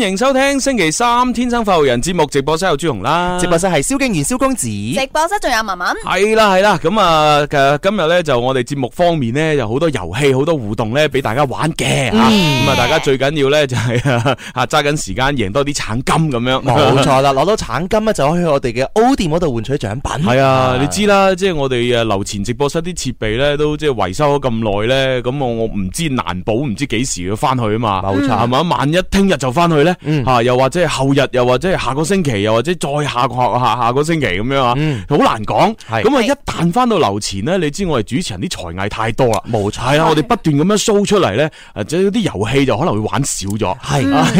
歡迎收聽星期三天生快活人節目，直播室有朱紅啦，直播室係蕭敬怡、蕭公子，直播室仲有文文，係啦係啦咁啊嘅今日咧就我哋節目方面咧有好多遊戲，好多互動咧俾大家玩嘅吓，咁、yeah. 啊大家最緊要咧就係、是、啊揸緊時間贏多啲橙金咁樣，冇錯啦，攞 到橙金咧就可以去我哋嘅 O 店嗰度換取獎品，係啊，啊，你知啦，即、就、係、是、我哋誒樓前直播室啲設備咧都即係維修咗咁耐咧，咁我我唔知難保唔知幾時要翻去啊嘛，冇錯係嘛，萬一聽日就翻去咧。嗯，吓又或者係後日，又或者係下個星期，又或者再下個下下個星期咁樣啊，好、嗯、難講。咁啊，一旦翻到樓前咧，你知我哋主持人啲才藝太多啦，冇錯，係啊，我哋不斷咁樣 show 出嚟咧，即即嗰啲遊戲就可能會玩少咗。係啊，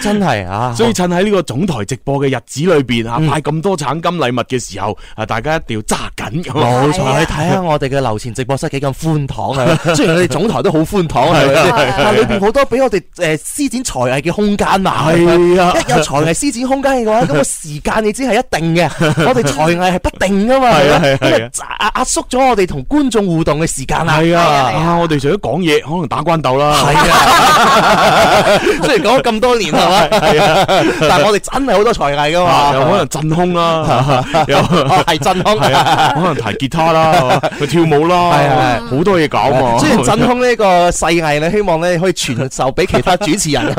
真係啊，啊嗯、啊 所以趁喺呢個總台直播嘅日子裏邊啊，派咁多橙金禮物嘅時候，啊，大家一定要揸緊。冇錯，睇下、啊、 我哋嘅樓前直播室幾咁寬敞啊！ 雖然我哋總台都好寬敞，係、 啊啊、但裏邊好多俾我哋誒施展才藝嘅空間。係啊,啊，一有才藝施展空間嘅話，咁、嗰個時間你知係一定嘅。我哋才藝係不定噶嘛係、啊係啊係啊，因為壓壓縮咗我哋同觀眾互動嘅時間啦。係啊，啊,啊,啊,啊,啊，我哋除咗講嘢，可能打關鬥啦。係啊， 雖然講咗咁多年係嘛、啊，但係我哋真係好多才藝噶嘛。啊啊啊啊、有可能震胸啦、啊，有係震胸， 可能彈吉他啦、 啊，去跳舞啦，好多嘢搞喎。雖然震胸呢個細藝咧，希望咧可以傳授俾其他主持人。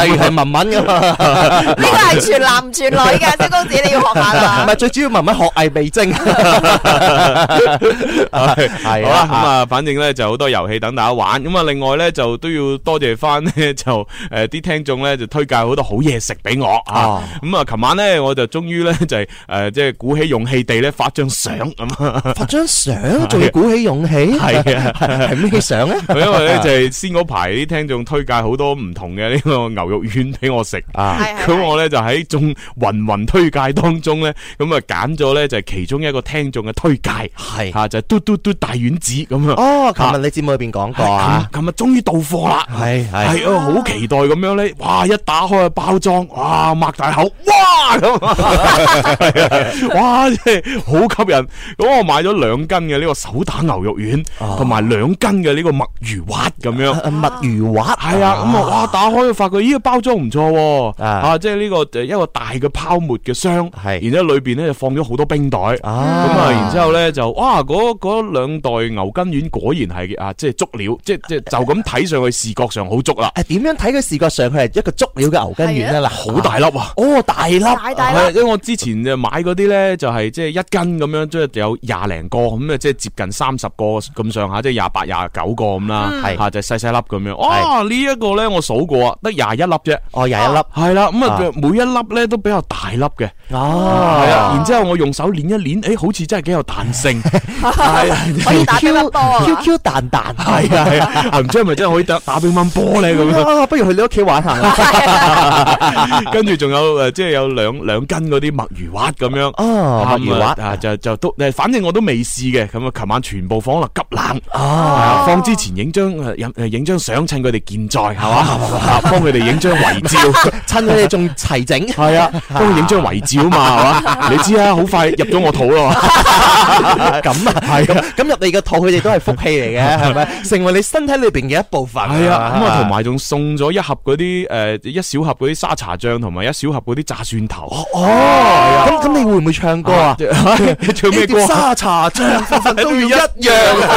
例如係文文咁嘛，呢個係全男全女噶小公子你要學下啦。唔 係最主要文文學藝未精。係、 okay, 啊、好啦，咁啊、嗯，反正咧就好多遊戲等大家玩。咁啊，另外咧就都要多謝翻咧就誒啲、呃、聽眾咧就推介好多好嘢食俾我啊。咁、嗯、啊，琴晚咧我就終於咧就係誒即係鼓起勇氣地咧發張相咁啊，發張相仲 要鼓起勇氣，係啊，係咩相咧？ 因為咧就係、是、先嗰排啲聽眾推介好多唔同嘅呢個牛肉丸俾我食，咁、啊、我咧就喺眾芸芸推介當中咧，咁啊揀咗咧就係其中一個聽眾嘅推介，係就係嘟嘟嘟大丸子咁樣。哦，琴日你節目裏邊講過啊，琴日、啊、終於到貨啦，係係係好期待咁樣咧，哇一打開個包裝，哇擘大口，哇咁啊， 哇即係好吸引。咁我買咗兩斤嘅呢個手打牛肉丸，同、啊、埋兩斤嘅呢個墨魚滑咁樣，墨、啊、魚滑係啊，咁啊，啊哇打開發覺呢個。包裝唔錯，啊，即係呢、這個一個大嘅泡沫嘅箱，係，然之後裏邊咧就放咗好多冰袋，啊，咁啊，然之後咧就，哇，嗰嗰兩袋牛筋丸果然係啊，即係足料，即係即係就咁睇上去視覺上好足啦、啊。誒、啊，點樣睇佢視覺上，佢係一個足料嘅牛筋丸咧，嗱、啊，好大粒啊，啊，哦，大粒，係，因為我之前就買嗰啲咧，就係即係一斤咁樣，、就是、樣，即係有廿零個，咁、嗯、啊，即係接近三十個咁上下，即係廿八廿九個咁啦，係，吓就細、是、細粒咁樣，哇，啊這個、呢一個咧我數過，得廿一。粒、哦、啫，哦廿一粒，係啦，咁、嗯、啊每一粒咧都比較大粒嘅，哦，係啊，嗯、然之後我用手捻一捻，誒、欸，好似真係幾有彈性，係 啊，啊，可以打乒乓波 Q Q 彈彈，係啊係啊，唔知係咪真係可以打打乒乓波咧咁樣，不如去你屋企玩下，跟住仲有誒，即、就、係、是、有兩兩斤嗰啲墨魚滑咁樣，墨、哦嗯、魚滑啊，就就都反正我都未試嘅，咁啊，琴晚全部放落急冷，哦，啊啊、放之前影張影誒張相，趁佢哋健在，係、啊、嘛，啊，幫佢哋影。張 遺 照，趁 你仲齊整，係啊，幫我影張遺照啊嘛，係嘛，你知啊，好快入咗我肚咯，咁啊，係啊，咁入你嘅肚，佢哋都係福氣嚟嘅，係咪？成為你身體裏邊嘅一部分，係啊，咁啊，同埋仲送咗一盒嗰啲誒，一小盒嗰啲沙茶醬，同埋一小盒嗰啲炸蒜頭，哦 咁咁你會唔會唱歌啊？ 唱咩麼歌？ 沙茶醬都要一樣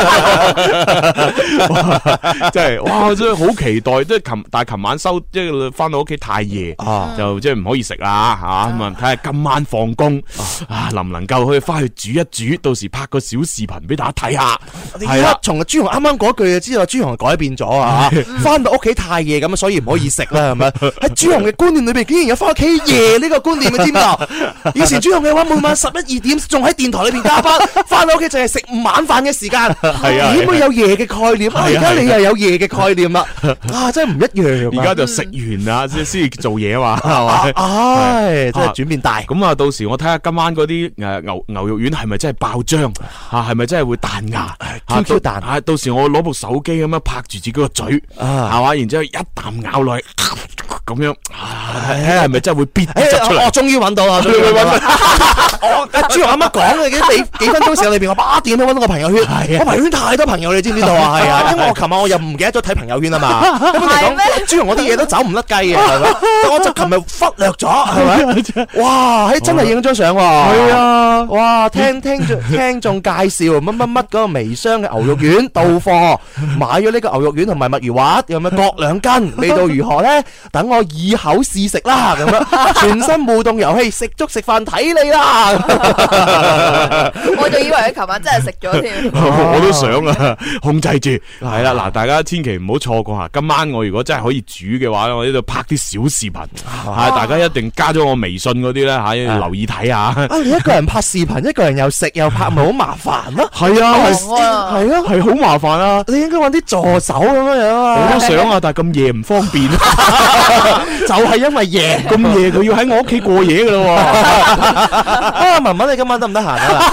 真係，哇，真係好期待，即係琴，但係琴晚收即翻到屋企太夜，就即係唔可以食啦，吓咁啊！睇、啊、下、啊、今晚放工啊，啊，能唔能夠去翻去煮一煮，到時拍個小視頻俾大家睇下。係啊，從朱紅啱啱嗰句就知道朱紅改變咗啊！翻、嗯、到屋企太夜咁，所以唔可以食啦，係、嗯、咪？喺朱紅嘅觀念裏邊，竟然有翻屋企夜呢個觀念嘅，知唔啊？以前朱紅嘅話，每晚十一二點仲喺電台裏邊加班，翻到屋企就係食晚飯嘅時間。係啊，點會有夜嘅概念啊？而家你又有夜嘅概念啦，啊，真係唔一樣。而家就食完、嗯。完啦，先先做嘢啊嘛，係 嘛、啊？唉、啊，真係轉變大。咁啊，啊，啊，啊，啊，到時我睇下今晚嗰啲誒牛牛肉丸係咪真係爆漿？嚇，係咪真係會彈牙？Q Q 彈。嚇，到時我攞部手機咁樣拍住自己個嘴，嚇、啊、嘛、啊？然之後一啖咬落去。 咁樣啊，係咪真會變出嚟？我終於揾到啦！我阿 朱紅啱啱講嘅幾幾幾分鐘時候，裏邊，我八點都揾到個朋友圈？我朋友圈太多朋友，你知唔知道啊？係啊，因為我琴晚我又唔記得咗睇朋友圈啊嘛。咁朱紅，我啲嘢都走唔甩雞嘅，係 我就琴日忽，忽略咗，係咪？哇！嘿、欸，真係影咗張相喎。係啊！哇！聽聽聽眾介紹乜乜乜嗰個微商嘅牛肉丸到貨，買咗呢個牛肉丸同埋墨魚滑，又咪各兩斤？味道如何咧？等。我以口試食啦，咁樣全身互動遊戲，足食粥食飯睇你啦。 我仲以為你琴晚真係食咗添，我都想啊，控制住。係啦，嗱，大家千祈唔好錯過啊！今晚我如果真係可以煮嘅話咧，我呢度拍啲小視頻，係、啊、大家一定加咗我微信嗰啲咧，吓、啊、留意睇下。啊，你一個人拍視頻， 一個人又食又拍，咪好麻煩咯。係啊，係 係啊，係好麻煩啊！煩啊 你應該搵啲助手咁樣、啊。我都想啊，但係咁夜唔方便。 就係因為夜咁夜，佢要喺我屋企過夜噶咯。阿文文，你今晚得唔得閒啊？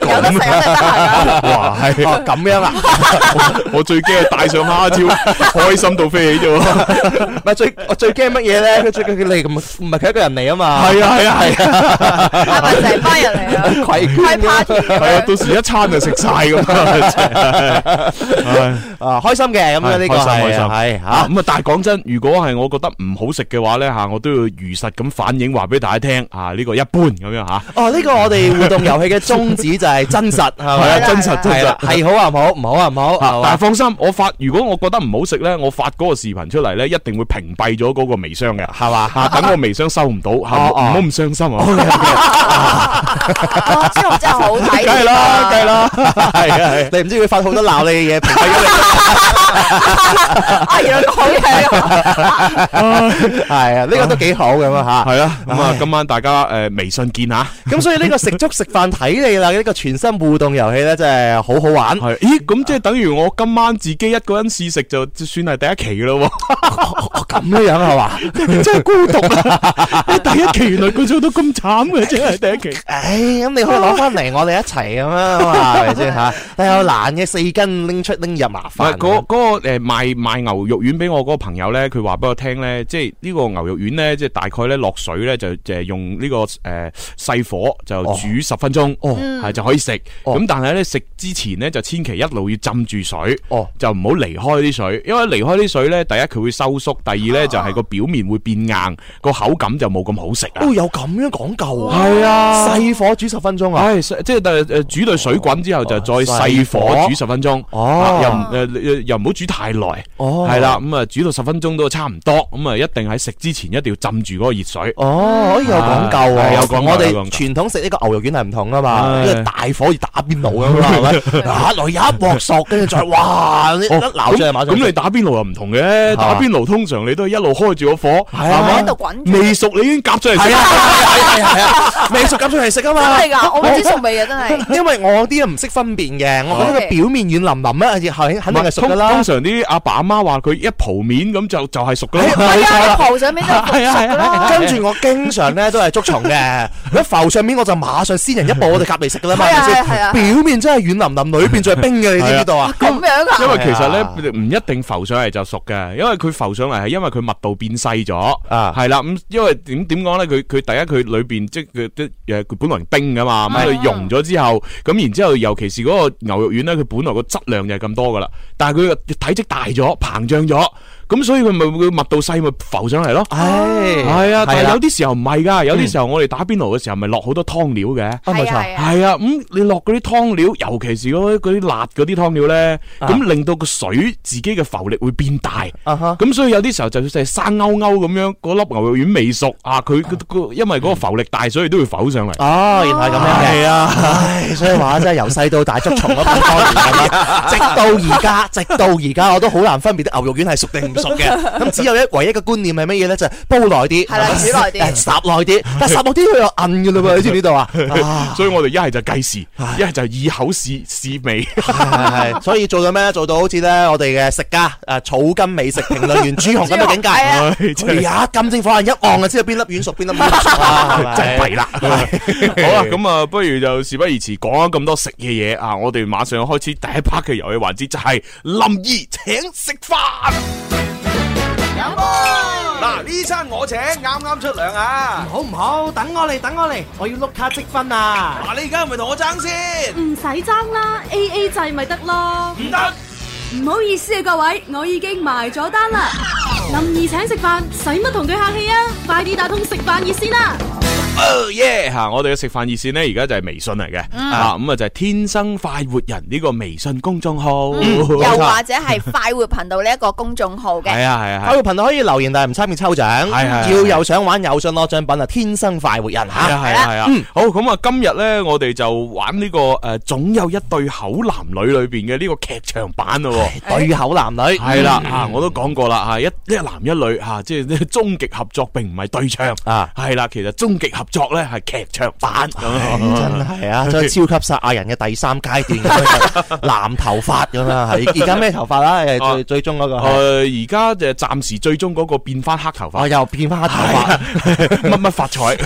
咁啊，哇，係咁樣啊！我最驚係帶上香蕉，開心到飛起啫。唔係最，我最驚乜嘢咧？最驚佢嚟咁，唔係佢一個人嚟啊嘛。係啊，係啊，係啊。係咪成班人嚟啊？開 party，到時一餐就食晒噶嘛。啊，開心嘅咁樣呢個係係。吓咁啊！但係講真，如果係我覺得唔好食嘅話咧，吓我都要如實咁反映話俾大家聽。吓、啊、呢、這個一般咁樣吓。哦、啊，呢、啊啊啊啊這個我哋互動遊戲嘅宗旨就係真實，係 啊，真實，是真實係好啊唔好，唔好唔好啊，唔好。啊啊、但係放心，我發如果我覺得唔好食咧，我發嗰個視頻出嚟咧，一定會屏蔽咗嗰個微商嘅，係嘛等我微商收唔到，唔好咁傷心啊！哦、 啊真係真係好睇。梗係啦，梗係啦，係你唔知會發好多鬧你嘅嘢，屏蔽咗你。好 嘢啊！係、這個、啊，呢個都幾好咁啊吓，係啊。咁啊，今晚大家誒、呃、微信見吓。咁所以呢個食粥食飯睇你啦，呢、這個全新互動遊戲咧真係好好玩。咦？咁即係等於我今晚自己一個人試食就算係第一期咯、啊。咁樣係嘛？ 真係孤獨啊！ 第一期原來佢做到咁慘嘅，真係第一期。咁、哎、你可以攞翻嚟，我哋一齊咁啊係咪先吓？但係難嘅，四斤拎出拎入麻煩。嗰、嗰個誒、嗰個、賣賣牛肉。轉俾我嗰個朋友咧，佢話俾我聽咧，即係呢個牛肉丸咧，即係大概咧落水咧就就用呢、這個誒細、呃、火就煮十分鐘哦，係、哦、就可以食。咁、哦、但係咧食之前咧就千祈一路要浸住水哦，就唔好離開啲水，因為離開啲水咧，第一佢會收縮，第二咧、啊、就係、是、個表面會變硬，個口感就冇咁好食啊、哦。有咁樣講究啊？係啊，細火煮十分鐘啊？係即係誒誒，煮到水滾之後就再細火煮十分鐘哦，哦啊、又唔誒、呃、又唔好煮太耐哦，係啦、啊。咁啊煮到十分鐘都差唔多，咁啊一定喺食之前一定要浸住嗰個熱水。哦，可以有講究啊！有講究！我哋傳統食呢個牛肉丸係唔同㗎嘛，因為大火要打邊爐咁啦，係咪？嚇來一鑊熟，跟住再哇！咁你打邊爐又唔同嘅，打邊爐通常你都一路開住個火，係嘛？喺度滾，未熟你已經夾出嚟食啊！未熟夾出嚟食啊嘛！真係噶，我唔知熟未啊！真係，因為我啲唔識分辨嘅，我覺得個表面軟腍腍咧，係肯定係熟㗎啦。通常啲阿爸阿媽話佢。一浮面咁就就係、是，熟噶啦，係、哎、啊！浮上面就、啊、熟啦、啊啊啊啊。跟住我經常咧、啊啊啊、都係捉蟲嘅。如果浮上面我就馬上先人一步，啊啊、我就夾嚟食噶啦嘛。係啊，表面真係軟腍腍，裏邊仲係冰嘅，你知唔知道啊？咁樣噶。因為其實咧唔、啊、一定浮上嚟就熟嘅，因為佢浮上嚟係因為佢密度變細咗啊。係啦、啊，咁因為點點講咧？佢佢第一佢裏邊即係佢本來係冰噶嘛，咁佢溶咗之後，咁、啊、然之後，然後尤其是嗰個牛肉丸咧，佢本來個質量就係咁多噶啦，但係佢體積大咗，膨脹。有。咁所以佢咪佢密度細咪浮上嚟咯？係係、哎、啊，啊，但係有啲時候唔係㗎，有啲時候我哋打邊爐嘅時候咪落好多湯料嘅、啊，啊冇錯，係啊，咁、啊啊嗯、你落嗰啲湯料，尤其是嗰啲辣嗰啲湯料咧，咁、啊、令到個水自己嘅浮力會變大，啊咁所以有啲時候就算係生勾勾咁樣，嗰粒牛肉丸未熟啊，佢、啊、因為嗰個浮力大，嗯、所以都會浮上嚟。哦、啊，原來係咁樣嘅，係啊，唉、啊哎，所以話真係由細到大捉蟲 啊，幾多年直到而家，直到而家我都好難分別啲牛肉丸係熟定熟嘅，咁只有一個唯一嘅觀念係乜嘢咧？就係、係、煲耐啲，係啦，煮耐啲，烚耐啲。但係烚耐啲佢又硬噶啦喎，你知唔知度啊？所以我哋一係就計時，一係就以口試試味。係。所以做到咩？做到好似咧我哋嘅食家誒草根美食評論員朱紅咁嘅境界啊！呀， 金睛火眼一望就知道邊粒軟熟，邊粒唔軟熟， 啊、就弊、是、啦。好啦，咁啊， 不如就事不宜遲，講咗咁多食嘅嘢啊，我哋馬上開始第一 part 嘅遊戲環節，就係林姨請食飯。嗱、啊，呢餐我請，啱啱出糧啊！唔好唔好？等我嚟，等我嚟，我要碌卡積分啊！嗱，你而家係咪同我爭先？唔使爭啦，A A 制咪得咯。唔得，唔好意思啊，各位，我已經埋咗單啦、啊。林兒請食飯，使乜同佢客氣啊？快啲打通食飯熱線啦！耶！吓，我哋嘅食飯熱線呢，而家就係微信嚟嘅，吓、嗯、咁啊、嗯、就係、是、天生快活人呢個微信公眾號、嗯，又或者係快活頻道呢一個公眾號嘅。係 啊係啊，啊快活頻道可以留言，但係唔參與抽獎。係啊要又想玩又想攞獎品啊！天生快活人吓係係啊。好咁啊，啊啊啊嗯嗯、今日呢，我哋就玩呢、這個誒、呃，總有一對口男女裏邊嘅呢個劇場版咯、哎。對口男女係啦吓，我都講過啦吓，一一男一女吓、啊，即係終極合作，並唔係對唱啊。係啦、啊，其實終極合作咧係劇場版，哎嗯、真係啊！即係超級撒亞人嘅第三階段， 藍頭髮咁樣，係而家咩頭髮啦？誒，最最終嗰、那個誒、而、呃、家就暫時最終嗰個變翻黑頭髮、啊，又變翻黑頭髮、啊、 什麼什麼髮，乜乜發財，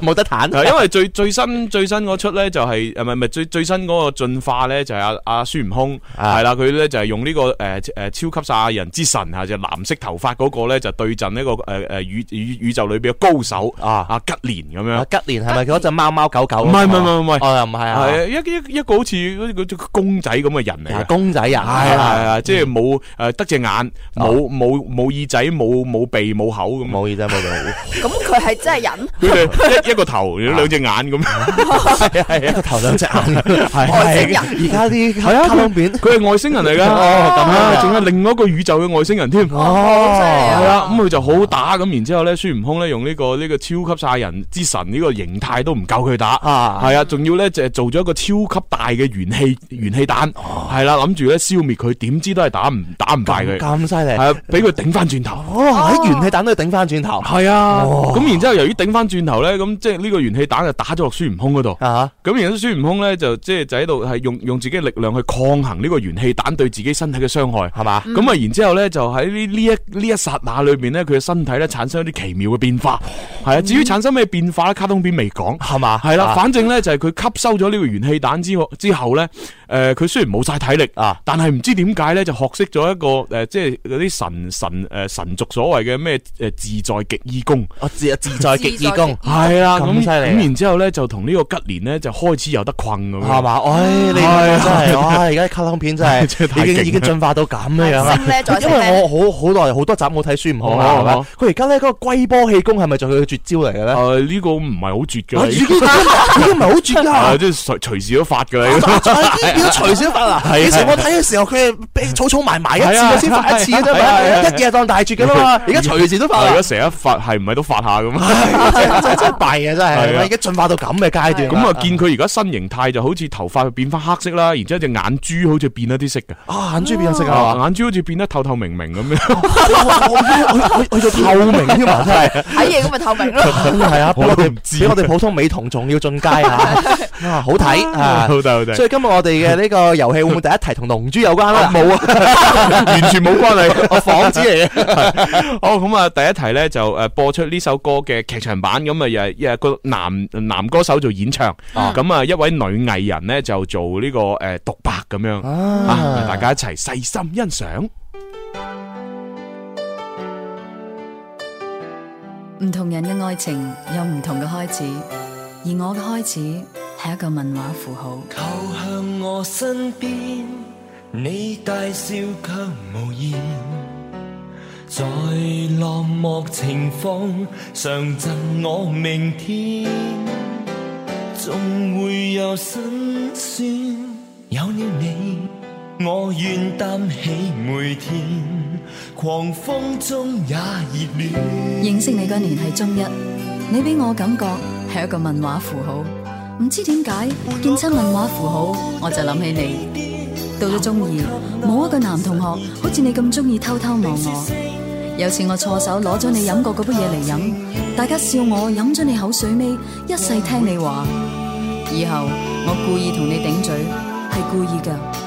冇得彈。因為最最新最新嗰出咧就係誒唔係係最最新嗰個進化咧就係阿阿孫悟空係啦，佢、啊、咧、啊啊啊、就係、是、用呢、這個誒誒、呃、超級撒亞人之神吓、啊、就是、藍色頭髮嗰個咧就對陣呢、這個誒誒宇宇。呃呃呃呃呃呃呃就裏邊嘅高手啊阿吉蓮咁樣，吉蓮係咪嗰隻貓貓狗狗？唔係唔係唔係唔係，我又唔係啊，係一、啊啊、一個好似嗰隻公仔咁嘅人嚟，公仔人係、哎、啊係啊，即係冇誒得隻眼，冇冇冇耳仔，冇冇鼻冇口咁，冇耳仔冇鼻口。咁佢係真係人，佢一一個頭兩 隻眼咁，係 一個頭兩隻眼，係外星人。而家啲係啊，佢係外星人嚟噶，哦咁樣仲有另外一個宇宙嘅外星人添，哦係啊，咁佢就好打咁，然之後咧，孫悟咧用呢、這個呢、這個超級賽人之神呢、這個形態都唔夠佢打，係啊，仲、啊、要咧就做咗一個超級大嘅元氣元氣彈，係、哦、啦，諗住咧消滅佢，點知都係打唔打唔敗佢，咁犀利，係啊，俾佢頂翻轉頭，喺、哦啊、元氣彈都頂翻轉頭，係啊，咁、哦、然之後由於頂翻轉頭咧，咁即係呢個元氣彈就打咗落孫悟空嗰度，咁、啊、然之後孫悟空咧就即係就喺度係用用自己嘅力量去抗衡呢個元氣彈對自己身體嘅傷害，係嘛，咁、嗯、啊，然之後咧就喺呢呢一呢一剎那裏邊咧，佢嘅身體咧產生一啲奇妙。會變化係啊，至於產生咩變化咧，卡通片未講係嘛？係啦，反正咧就係佢吸收咗呢個元氣彈之後之後咧，誒、呃、佢雖然冇晒體力啊，但係唔知點解咧就學識咗一個誒，即係嗰啲神神誒、呃、神族所謂嘅咩誒自在極意功。我自自在極意功係啊咁犀利。咁然之後咧就同呢個吉連咧就開始有得困咁樣係嘛？誒、哎、你真係啊！而、哎、家、哎哎哎、卡通片真係已經、哎、已經進化到咁樣啦、啊，因為我好好耐好多集冇睇《孫唔好啦，佢而家咧嗰個龜波。魔氣功係咪就佢嘅絕招嚟嘅咧？呢、啊這個唔係好絕嘅。唔係好絕噶、 啊，即係隨隨時都發嘅。而家隨時都發啊！以前我睇嘅時候，佢係俾草草埋埋一次先發一次一嘅當大絕嘅嘛。而家隨時都發，而家成日發係唔係都發,發,是是都發下嘅嘛？哎、真真真弊啊！真係，而家進化到咁嘅階段。咁啊，見佢而家新形態就好似頭髮變翻黑色啦，而且隻眼珠好似變咗啲色嘅。啊，眼珠變咗色眼珠好似變得透透明明咁樣。佢佢做透明添啊！真係。睇嘢咁咪透明咯，係啊，我哋唔知我哋普通美瞳仲要進階啊，啊好睇啊，好睇好睇。所以今日我哋嘅呢個遊戲會唔會第一題同龍珠有關啦，冇啊，完全冇關係，我仿製嚟嘅。好，咁啊，第一題咧就誒播出呢首歌嘅劇場版，咁啊又係又係個男男歌手做演唱，咁啊一位女藝人咧就做呢個誒獨白，咁樣啊，大家一齊細心欣賞。唔同人嘅愛情有唔同嘅開始，而我嘅開始係一個問號符號。靠向我身邊，你大笑卻無言，在落寞情況，常贈我明天，總會有辛酸，有了你。我願擔起每天狂風中也熱戀認識你嗰年係中一，你俾我感覺係一個問號符號，唔知點解見親問號符號我就諗起你。到咗中二，冇一個男同學好似你咁中意偷偷望我。有次我錯手攞咗你飲過嗰杯嘢嚟飲，大家笑我飲咗你口水尾，一世聽你話。你以後我故意同你頂嘴，係故意噶。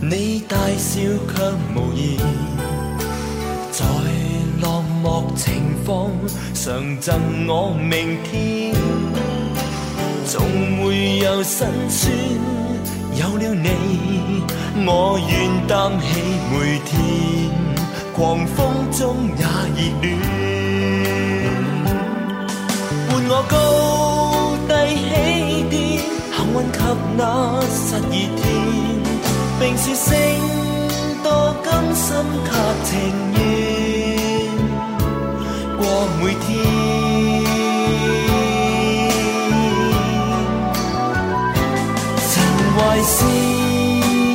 你大笑卻無言，在落寞情況常贈我明天，總會有辛酸，有了你，我願擔起每天狂風中也熱戀，伴我高低起跌，幸運及那失意天。並說聲多甘心，卻情願過每天。塵寰是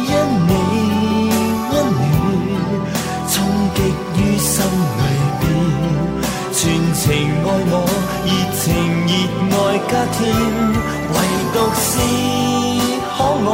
因你溫暖，衝擊於心裏面，全情愛我，熱情熱愛加添，唯獨是可愛。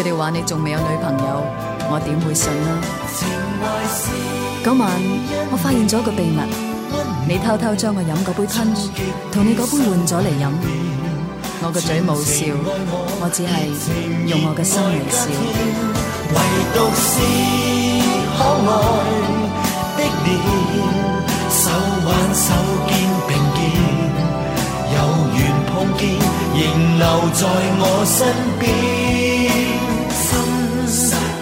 佢哋話你仲未有女朋友，我點會信呢？嗰晚我發現咗個秘密，你偷偷將我飲嗰杯吞，同你嗰杯換咗嚟飲。我個嘴冇笑，我只係用我嘅心嚟笑。唯獨是可愛的臉，手挽手肩並肩，有緣碰見，仍留在我身邊。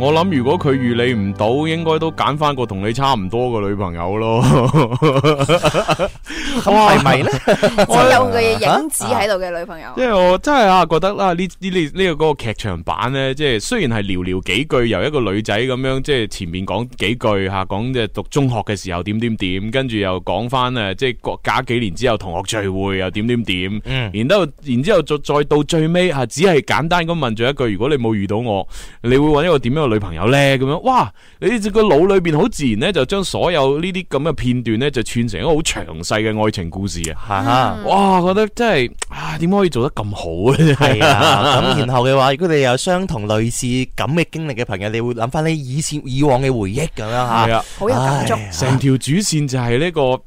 我諗如果佢遇你唔到，應該都揀翻個同你差唔多嘅女朋友咯 是。係咪咧？真有嘅影子喺度嘅女朋友。即係我真係啊，覺得啦呢呢呢個嗰個劇場版咧，即係雖然係寥寥幾句，由一個女仔咁樣，即係前面講幾句吓，講即係讀中學嘅時候點點點，跟住又講翻誒，即係國加幾年之後同學聚會又點點點。嗯、然之後，然之後再再到最尾吓，只係簡單咁問咗一句：如果你冇遇到我，你會搵一個點樣？女朋友咧咁樣，哇！你隻個腦裏邊好自然咧，就將所有呢啲咁嘅片段咧，就串成一個好詳細嘅愛情故事啊！哇，覺得真係啊，點可以做得咁好啊？係咁然後嘅話，如果你有相同類似咁嘅經歷嘅朋友，你會諗翻你以前以往嘅回憶咁樣吓，好、啊、有感觸。成、哎、條主線就係呢、這個誒誒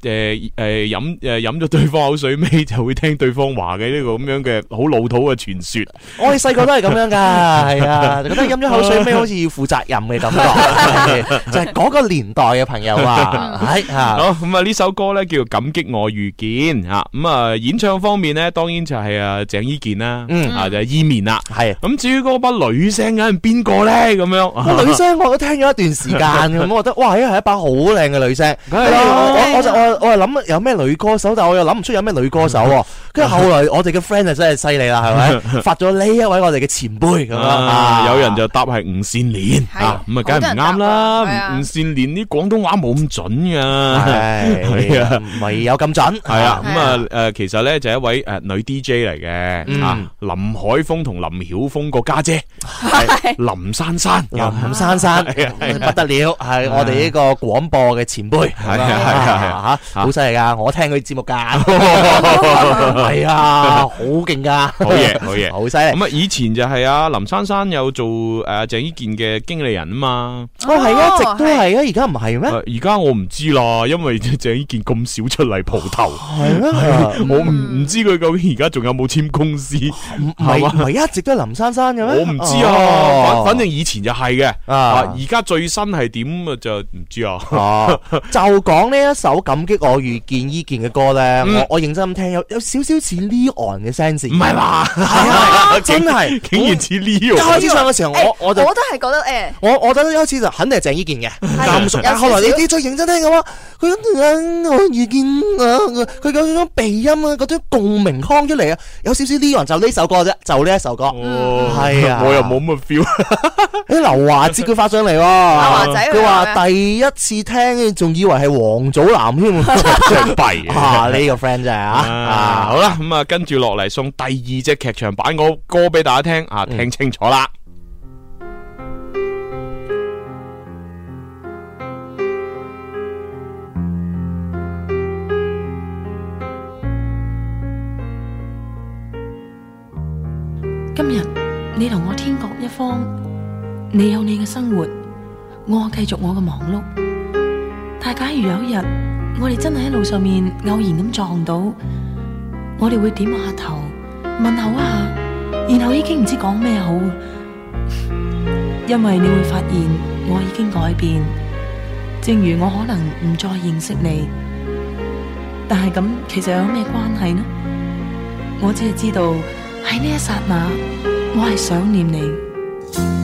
飲誒飲咗對方口水尾，就會聽對方話嘅呢個咁樣嘅好老土嘅傳說。我哋細個都係咁樣噶，係 啊，就覺得飲咗口水尾 好似負責任嘅感覺， 是就係、是、嗰個年代嘅朋友啊，係 好咁啊，呢首歌咧叫《感激我遇見》咁啊、嗯嗯，演唱方面咧，當然就係啊鄭伊健啦，嗯、啊就伊、是、麵啦，係。咁至於嗰把女聲係邊個咧？咁樣，那個、女聲我都聽咗一段時間，咁 我覺得哇，依家係一把好靚嘅女聲，係咯、欸。我我就我我諗有咩女歌手，但係我又諗唔出有咩女歌手。嗯跟住後來我，我哋嘅 friend 就真係犀利啦，係咪？發咗呢一位我哋嘅前輩咁啊，啊！有人就答係吳善蓮啊，咁啊，梗係唔啱啦！吳善蓮啲、啊啊啊嗯啊、廣東話冇咁準噶，係啊，係有咁準。係啊，咁啊，啊，啊，啊，啊、嗯，其實咧就是、一位、呃、女 DJ 嚟嘅、嗯、啊，林海峰同林曉峰個家姐，姐、啊啊，林珊珊，啊、林珊珊，不得了，係我哋呢個廣播嘅前輩，係啊，係好犀利噶，我聽佢節目噶。係啊，好勁噶，好 嘢，好嘢，好犀利。咁啊，以前就係啊，林珊珊有做誒鄭伊健嘅經理人啊嘛。哦、啊，係啊，啊，一直都係啊，而家唔係咩？而家、啊、我唔知啦，因為鄭伊健咁少出嚟蒲頭，係啊，啊，啊，我唔唔知佢究竟而家仲有冇簽公司？唔係唔係一直都係林珊珊嘅咩？我唔知啊，啊，反正以前就係嘅啊，而、啊、家、啊、最新係點啊？就唔知啊。啊 就講呢一首感激我遇見伊健嘅歌咧、嗯，我我認真咁聽，有有少少。好似 Leon 嘅聲線，唔係嘛？係啊，啊，真係、啊，竟然似 Leon、啊。一開始唱嘅時候，欸、我我就我都係覺得誒、欸，我我覺得一開始就肯定係鄭伊健嘅咁熟。但但但後來你你再認真聽嘅話，佢嗰啲我意見佢嗰種鼻音啊，嗰啲共鳴腔出嚟啊，有少少 Leon 就呢首歌啫，就呢一首歌。係、嗯、啊，我又冇乜 feel。啲劉華節佢發上嚟喎，阿華仔佢話第一次聽仲以為係王祖藍添、啊，真弊啊！呢、呢個 friend 啫啊啊。啊啊咁、嗯、啊，跟住落嚟，送第二隻劇場版嘅歌俾大家聽啊、嗯，聽清楚啦！今日你同我天各一方，你有你嘅生活，我繼續我嘅忙碌。但假如有一日，我哋真係喺路上面偶然咁撞到。我哋會點下頭問候一下，然後已經唔知講咩好，因為你會發現我已經改變，正如我可能唔再認識你，但係咁其實有咩關係呢？我只係知道喺呢一剎那，我係想念你。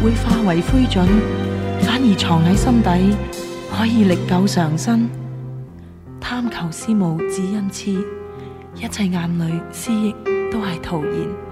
會化為灰燼，反而藏喺心底，可以歷久常新。貪求思慕，只因痴，一切眼淚、思憶都係徒然。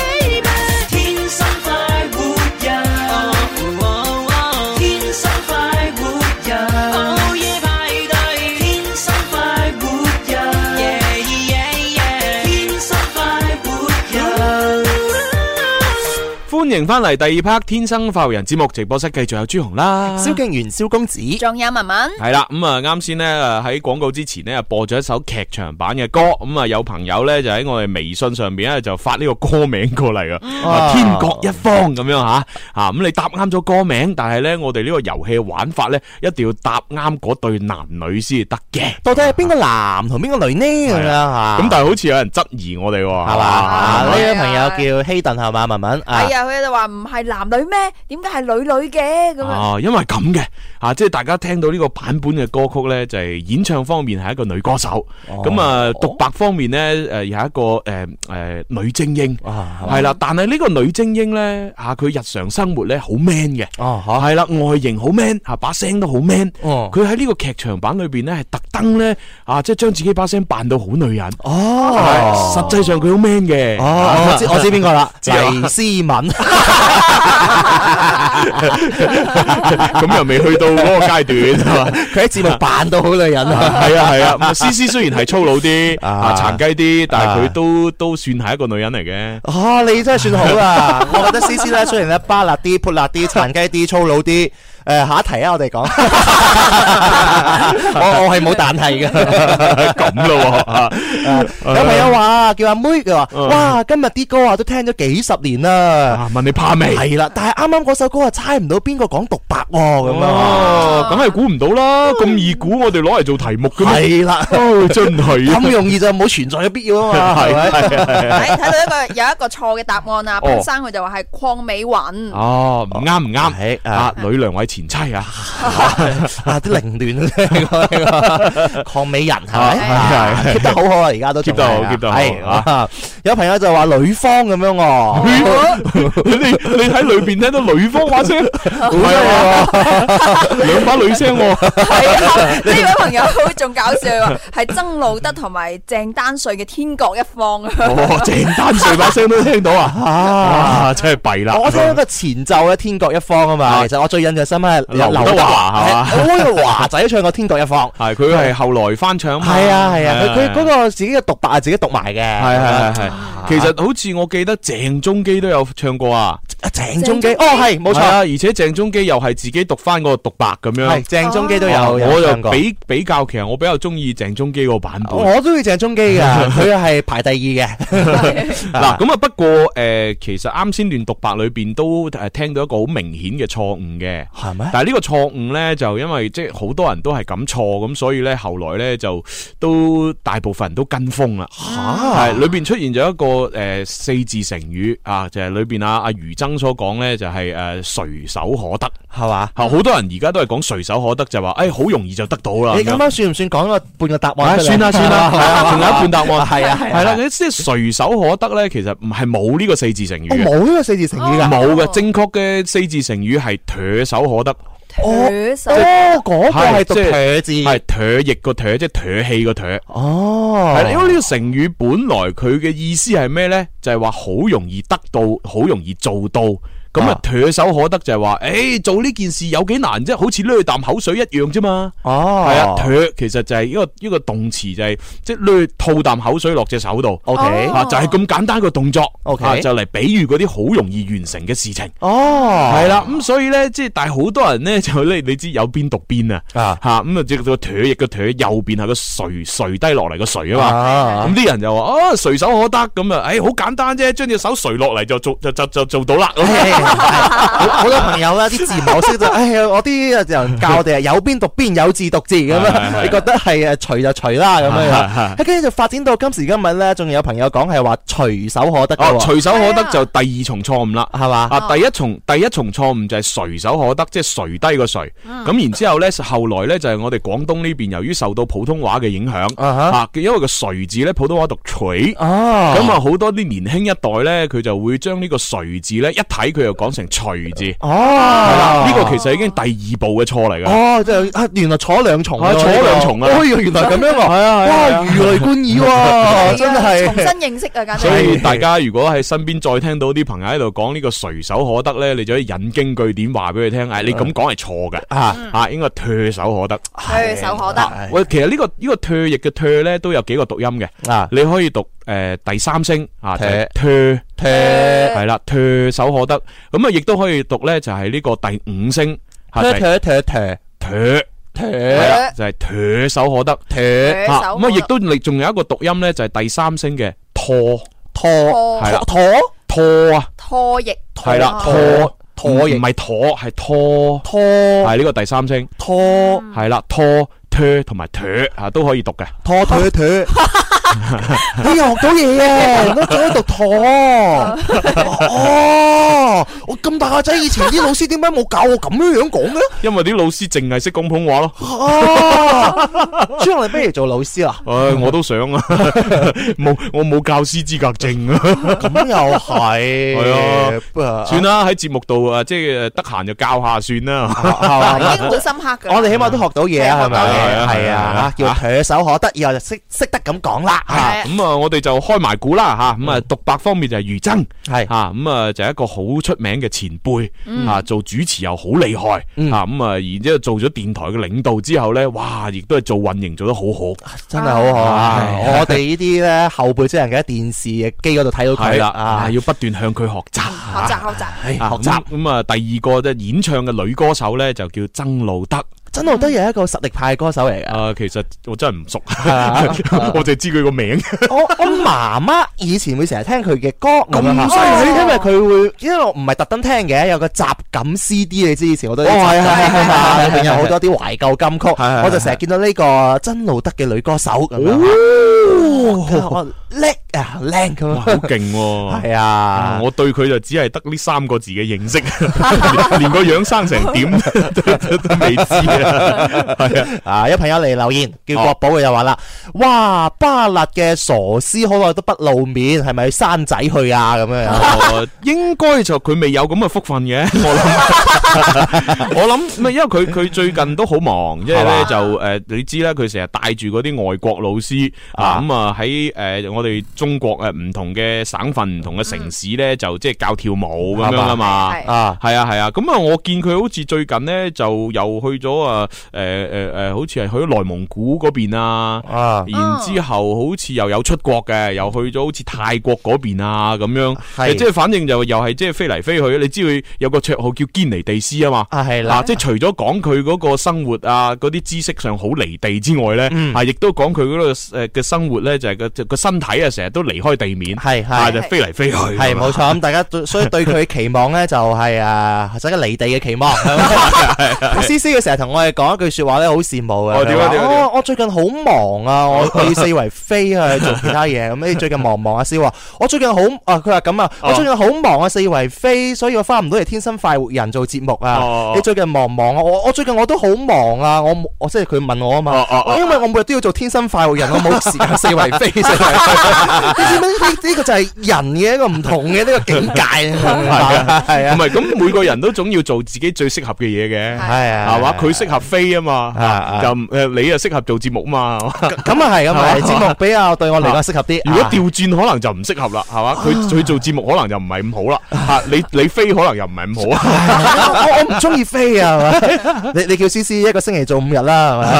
歡迎翻嚟第二 part 天生快活人節目直播室，繼續有朱紅啦，蕭敬元、蕭公子，仲有文文。係啦，咁、嗯、啊，啱先呢，喺廣告之前呢，播咗一首劇場版嘅歌，咁、嗯、啊，有朋友呢，就喺我哋微信上邊咧就發呢個歌名過嚟啊。《天各一方》咁樣吓，啊，咁、啊嗯、你答啱咗歌名，但係呢，我哋呢個遊戲玩法呢，一定要答啱嗰對男女先得嘅。到底係邊個男同邊個女呢？咁樣吓。咁但係好似有人質疑我哋，係嘛？呢、位朋友叫希頓係嘛？文文。就話唔係男女咩？點解係女女嘅咁啊？因為咁嘅吓，即係大家聽到呢個版本嘅歌曲咧，就係、是、演唱方面係一個女歌手，咁、哦、啊、哦、獨白方面咧，誒有一個誒誒、呃呃、女精英係啦、哦。但係呢個女精英咧吓，佢、啊、日常生活咧好 man 嘅，係、哦、啦，外形好 man 吓、啊，把聲都好 man、哦。佢喺呢個劇場版裏邊咧，係特登咧啊，即係將自己把聲扮到好女人哦。哦，實際上佢好 man 嘅。哦， 哦，我知我知邊個啦， 黎思敏。 咁 又未去到嗰個階段係嘛？佢喺節目扮到好女人啊， 啊！係啊係啊、嗯、，C C 雖然係粗魯啲啊殘雞啲，啊、但係佢都都算係一個女人嚟嘅。啊，你真係算好啦！ 我覺得 C C 咧，雖然咧巴辣啲潑辣啲殘雞啲粗魯啲。誒、呃，下一題啊，我哋講、 哦，我我係冇彈係嘅，咁 咯 樣吧、 啊，有朋友話叫阿妹，妹，佢話哇，今日啲歌啊都聽咗幾十年啦、啊，問你怕未？係啦，但係啱啱嗰首歌啊，猜唔到邊個講獨白咁啊，梗係估唔到啦，咁、嗯、易估，我哋攞嚟做題目嘅嘛。係、哦、啦，真係咁容易就冇存在嘅必要啊嘛，係 睇 到一個有一個錯嘅答案啊 Peter 生佢就話係鄺美雲，哦唔啱唔啱，誒呂良偉。 前妻啊，啊，啊啲凌亂咧、啊，抗 美人係咪 得好得好啊，而家都接得好好，係、啊、有朋友就話女方咁樣喎、哦哦，你你喺裏邊聽到女方話聲，係、哦 對啊、 兩把女聲喎、哦，係啊！呢位、啊、朋友仲搞笑啊，係曾路德同埋鄭丹瑞嘅、哦啊啊啊《天各一方》啊，鄭丹瑞把聲都聽到啊，真係弊啦！我聽個前奏咧，《天各一方》啊嘛，其實我最印象深唔係劉德華係嘛？劉華，華仔唱過《天各一方》，係佢係後來翻唱。係啊係啊，佢佢嗰個自己嘅獨白係自己讀埋嘅。係係係。其實好似我記得鄭中基都有唱過啊。啊，鄭中基哦係冇錯啊。而且鄭中基又係自己讀翻個獨白咁樣。係鄭中基都有，啊、我又比比較其實我比較中意鄭中基個版本我。我中意鄭中基㗎，佢係排第二嘅。嗱咁啊，不過誒，其實啱先段獨白裏邊都係聽到一個好明顯嘅錯誤嘅。但係呢個錯誤呢就因為即係好多人都係咁錯，咁所以呢後來呢就都大部分人都跟風啦。吓、啊，裏邊出現咗一個誒、呃、四字成語啊，就係、是、裏邊啊阿余爭所講呢就係誒隨手可得。係嘛？好、嗯、多人而家都係講隨手可得就，就話誒，好容易就得到啦。你咁樣算唔算講個半個答案出嚟？算啦，算啦，係啊，仲有一半答案。係啊，係啦。即係隨手可得咧，其實唔係冇呢個四字成語。冇呢個四字成語噶，冇噶。正確嘅四字成語係唾手可得。哦，哦，嗰 DA oriented c communicated、喔 oh, 那個係讀唾字，係唾液個唾，即係唾棄個唾。哦，係因為呢個成語本來佢嘅意思係咩咧？就係話好容易得到，好容易做到。咁、嗯、啊，唾手可得就係話，誒、欸，做呢件事有幾難啫？好似甩啖口水一樣啫嘛。哦，係啊，唾、啊、其實就係呢個呢個動詞、就是，就係即係甩吐啖口水落隻手度。O K，吓就係、是、咁簡單個動作。O、okay, K，、啊、就嚟、是、比喻嗰啲好容易完成嘅事情。哦、啊，係啦、啊。咁、嗯、所以咧，即係但係好多人咧就咧，你知有邊讀邊啊。啊，吓咁啊，即係個唾亦個唾，右邊係個垂垂低落嚟個垂啊嘛。咁、嗯、啲、啊嗯啊、人就話，哦、啊，垂手可得咁啊，誒、嗯，好、欸、簡單啫，將隻手垂落嚟就做就就就，就做到啦。啊 okay 好 多朋友咧啲字母先就，哎呀，我啲人教我哋啊，有邊讀邊有字讀字咁啊，你覺得係誒隨就隨啦咁樣啊，跟住就發展到今時今日咧，仲有朋友講係話隨手可得嘅，哦、隨手可得就第二重錯誤啦，係嘛？啊，第一重第一重錯誤就係隨手可得，即、就、係、是、垂低個垂，咁、嗯、然後之後咧，後來咧就係、是、我哋廣東呢邊由於受到普通話嘅影響，啊、嗯，因為個垂字咧普通話讀隨，咁啊好多啲年輕一代咧，佢就會將呢個垂字咧一睇佢講成隨字哦，呢個其實已經第二步嘅錯嚟噶。哦，即係啊，原來坐兩重，坐兩重啊。呀，原來咁樣啊。係啊，哇，如雷貫耳喎，真係。重新認識啊，所以大家如果喺身邊再聽到啲朋友喺度講呢個隨手可得咧，你就可以引經據典話俾佢聽，誒，你咁講係錯嘅，吓吓，應該唾手可得。唾手可得。喂，其實呢個呢個唾液嘅唾咧都有幾個讀音嘅，啊，你可以讀。誒、呃，第三聲、呃、啊，唾唾係啦，唾、就是呃、手可得。咁啊，亦都可以讀咧，就係呢個第五聲，唾唾唾唾唾唾，就係唾手可得。唾，咁啊，亦都仲有一個讀音咧，就係、是、第三聲嘅拖拖係啦，拖拖，拖，拖，拖啊，拖亦係啦，拖拖唔係拖係拖拖係呢、這個第三聲拖係啦，拖。同埋腿吓都可以讀嘅，拖腿腿，啊，你又學到嘢啊， 啊！我仲喺度拖，哦，我咁大個仔，以前啲老師點解冇教我咁樣樣講嘅？因為啲老師淨係識講普通話咯。哦、啊，將 來不如做老師啊！誒、呃，我都想啊，冇 我冇教師資格證啊。咁又係係啊， 算啦，喺節目度誒，即係得閒就教下算啦。 啊、已經好深刻噶， 我哋起碼都學到嘢啊，係咪？係咪？係咪？係啊，叫佢唾手可得、啊，以後就識識得咁講啦。咁啊，我哋就開埋股啦吓。咁啊，獨白方面就係余真，係吓咁啊，就係、一個好出名嘅前輩、嗯、啊，做主持又好厲害、嗯、啊。咁、嗯、啊，然之後做咗電台嘅領導之後呢哇，亦都係做運營做得好好，真係好好啊！我哋呢啲呢後輩新人嘅電視機嗰度睇到佢啊，要不斷向佢學習、嗯，學習，啊、學習。咁啊學習、嗯嗯嗯，第二個即係演唱嘅女歌手呢就叫曾路得。曾路德有一個實力派嘅歌手嚟嘅。啊，其實我真係唔熟，啊啊、 我就係知佢個名字 我。我我媽媽以前會成日聽佢嘅歌，咁犀利，因為佢會，因為我唔係特登聽嘅，有個集錦 C D 你知。以前，我都係、哦，係係係，入邊有好多啲懷舊金曲，是是是是是我就成日見到呢個曾路德嘅女歌手咁、哦、樣。叻。啊，靚佢！哇，好勁、啊！係啊、嗯，我對佢就只係得呢三個字嘅認識， 連個樣生成點 都，都未知啊！係啊，啊，有朋友嚟留言叫國寶，佢、啊、就話啦，哇，巴勒嘅傻師好耐都不露面，係咪生仔去啊？咁樣、啊啊、應該就佢未有咁嘅福分嘅。 我諗想， 我諗，係因為佢佢最近都好忙，即係咧就誒、是，你知啦，佢成日帶住嗰啲外國老師啊，咁啊喺誒我哋。中國唔同嘅省份、唔同嘅城市咧、嗯，就即係教跳舞咁樣啊嘛，啊，係啊係啊，咁啊，我見佢好似最近咧，就又去咗啊誒好似係去咗內蒙古嗰邊啊，啊然之後好似又有出國嘅，又去咗好似泰國嗰邊啊咁樣，係即係反正就又係即係飛嚟飛去，你知佢有個綽號叫堅尼地斯啊嘛，啊係啦、啊，即係除咗講佢嗰個生活啊，嗰啲知識上好離地之外咧、嗯，啊，亦都講佢嗰個誒嘅生活咧，就係、個、個身體啊，成日。都離開地面，係係就飛嚟飛去，係冇錯。咁大家所以對佢嘅期望咧就係、是、啊，增 加離地嘅期望。C C 佢成日同我哋講一句説話咧，好羨慕嘅。啊、哦嗯嗯嗯嗯哦、我最近好忙啊，我要四圍飛啊，做其他嘢。咁、嗯、你最近忙唔忙啊？C C 話：我最近好啊，佢話咁啊，我最近好忙啊，四圍飛，所以我翻唔到嚟《天生快活人》做節目啊。你最近忙唔忙啊？我我最近我都好忙啊，我我即係佢問我啊嘛，因為我每日都要做《天生快活人》，我冇時間四圍飛。 呢呢個就係人嘅一個唔同嘅呢個境界，係啊，唔係咁每個人都總要做自己最適合嘅嘢嘅，係啊，係話佢適合飛啊嘛，又誒你又適合做節目啊嘛，咁啊係啊嘛，節目比較對我嚟講適合啲。如果調轉可能就唔適合啦，係嘛？佢佢做節目可能就唔係咁好啦，嚇你你飛可能又唔係咁好啊。我唔中意飛啊，你你叫詩詩一個星期做五日啦，係咪？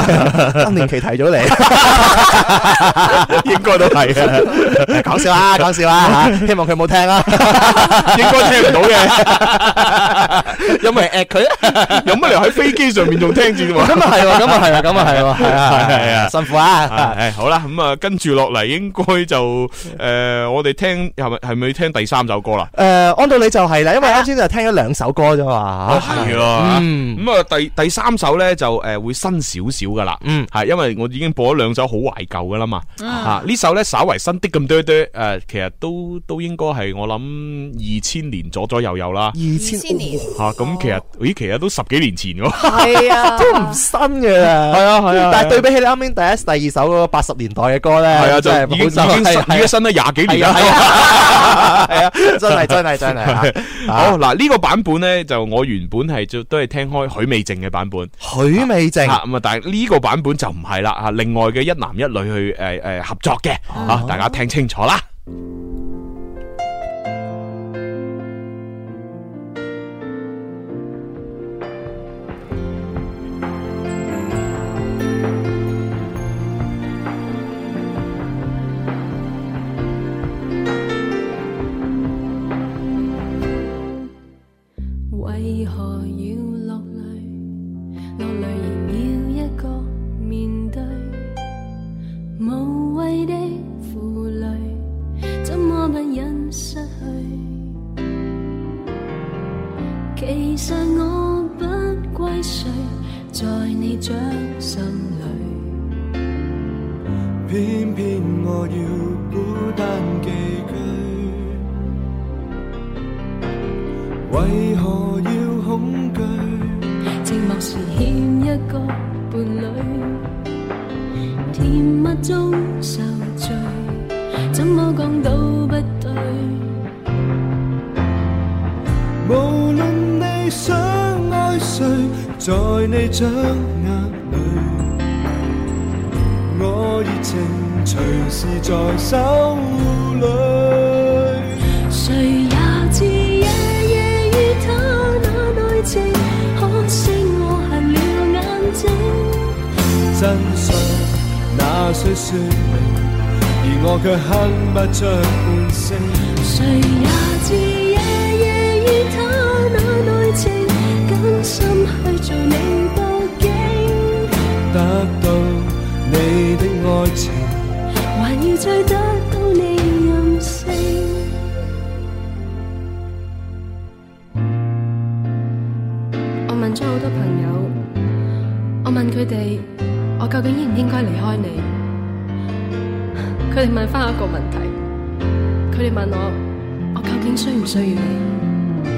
三年期提咗你，應該都係啊。講笑啊，講笑啊，希望佢冇聽啦、啊， 應該聽唔到嘅，因為誒佢有乜理由喺飛機上面仲聽住㗎嘛？咁啊係，咁啊係，咁啊係，係啊，係啊，辛 苦啊！好啦，咁啊，跟住落嚟應該就誒，我哋聽係咪係咪聽第三首歌啦？誒，按道理就係啦，因為啱先就聽咗兩首歌啫嘛，係啊，咁 啊，第第三首咧就誒會新少少噶啦，嗯，因為我已經播咗兩首好懷舊噶啦嘛，啊，呢、啊、首咧稍為新啲咁。對對誒、呃，其實都都應該係我諗二千年左左右右啦。二千年吓，咁、啊嗯、其實咦，其實都十幾年前咯。係啊， 都唔新嘅啦。係啊係啊。但係對比起你啱啱第一第二首嗰個八十年代嘅歌咧，係啊，就已經已經已經新咗廿、啊啊、幾年啦。係啊，啊，啊，啊，啊，啊，啊，真係真係真係、啊啊。好嗱，呢、這個版本咧就我原本係都係聽開許美靜嘅版本。許美靜咁啊，啊，但係呢個版本就唔係啦吓，另外嘅一男一女去誒誒、呃呃、合作嘅吓、嗯啊，大家聽。聽清楚啦！咗好多朋友，我問佢哋，我究竟應唔應該離開你？佢哋問翻一個問題，佢哋問我，我究竟需唔需要你？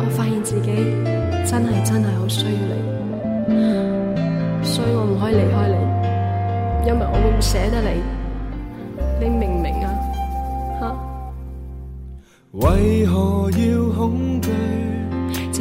我發現自己真係真係好需要你，所以我唔可以離開你，因為我會唔捨得你，你明唔明啊？吓？「為何要恐懼？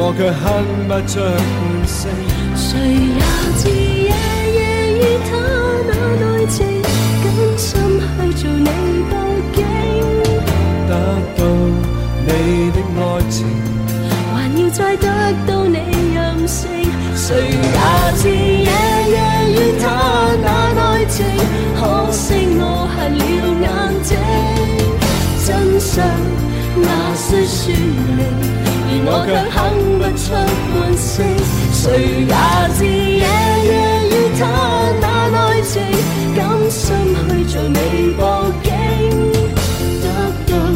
我卻哼不出半聲。誰也知夜夜怨他那內情，甘心去做你布景，得到你的愛情，還要再得到你任性。誰也知夜夜怨他那內情，可惜我瞎了眼睛。真相哪需說明？我卻哼不出半聲，誰也是夜夜與他那內情，甘心去在未報警得到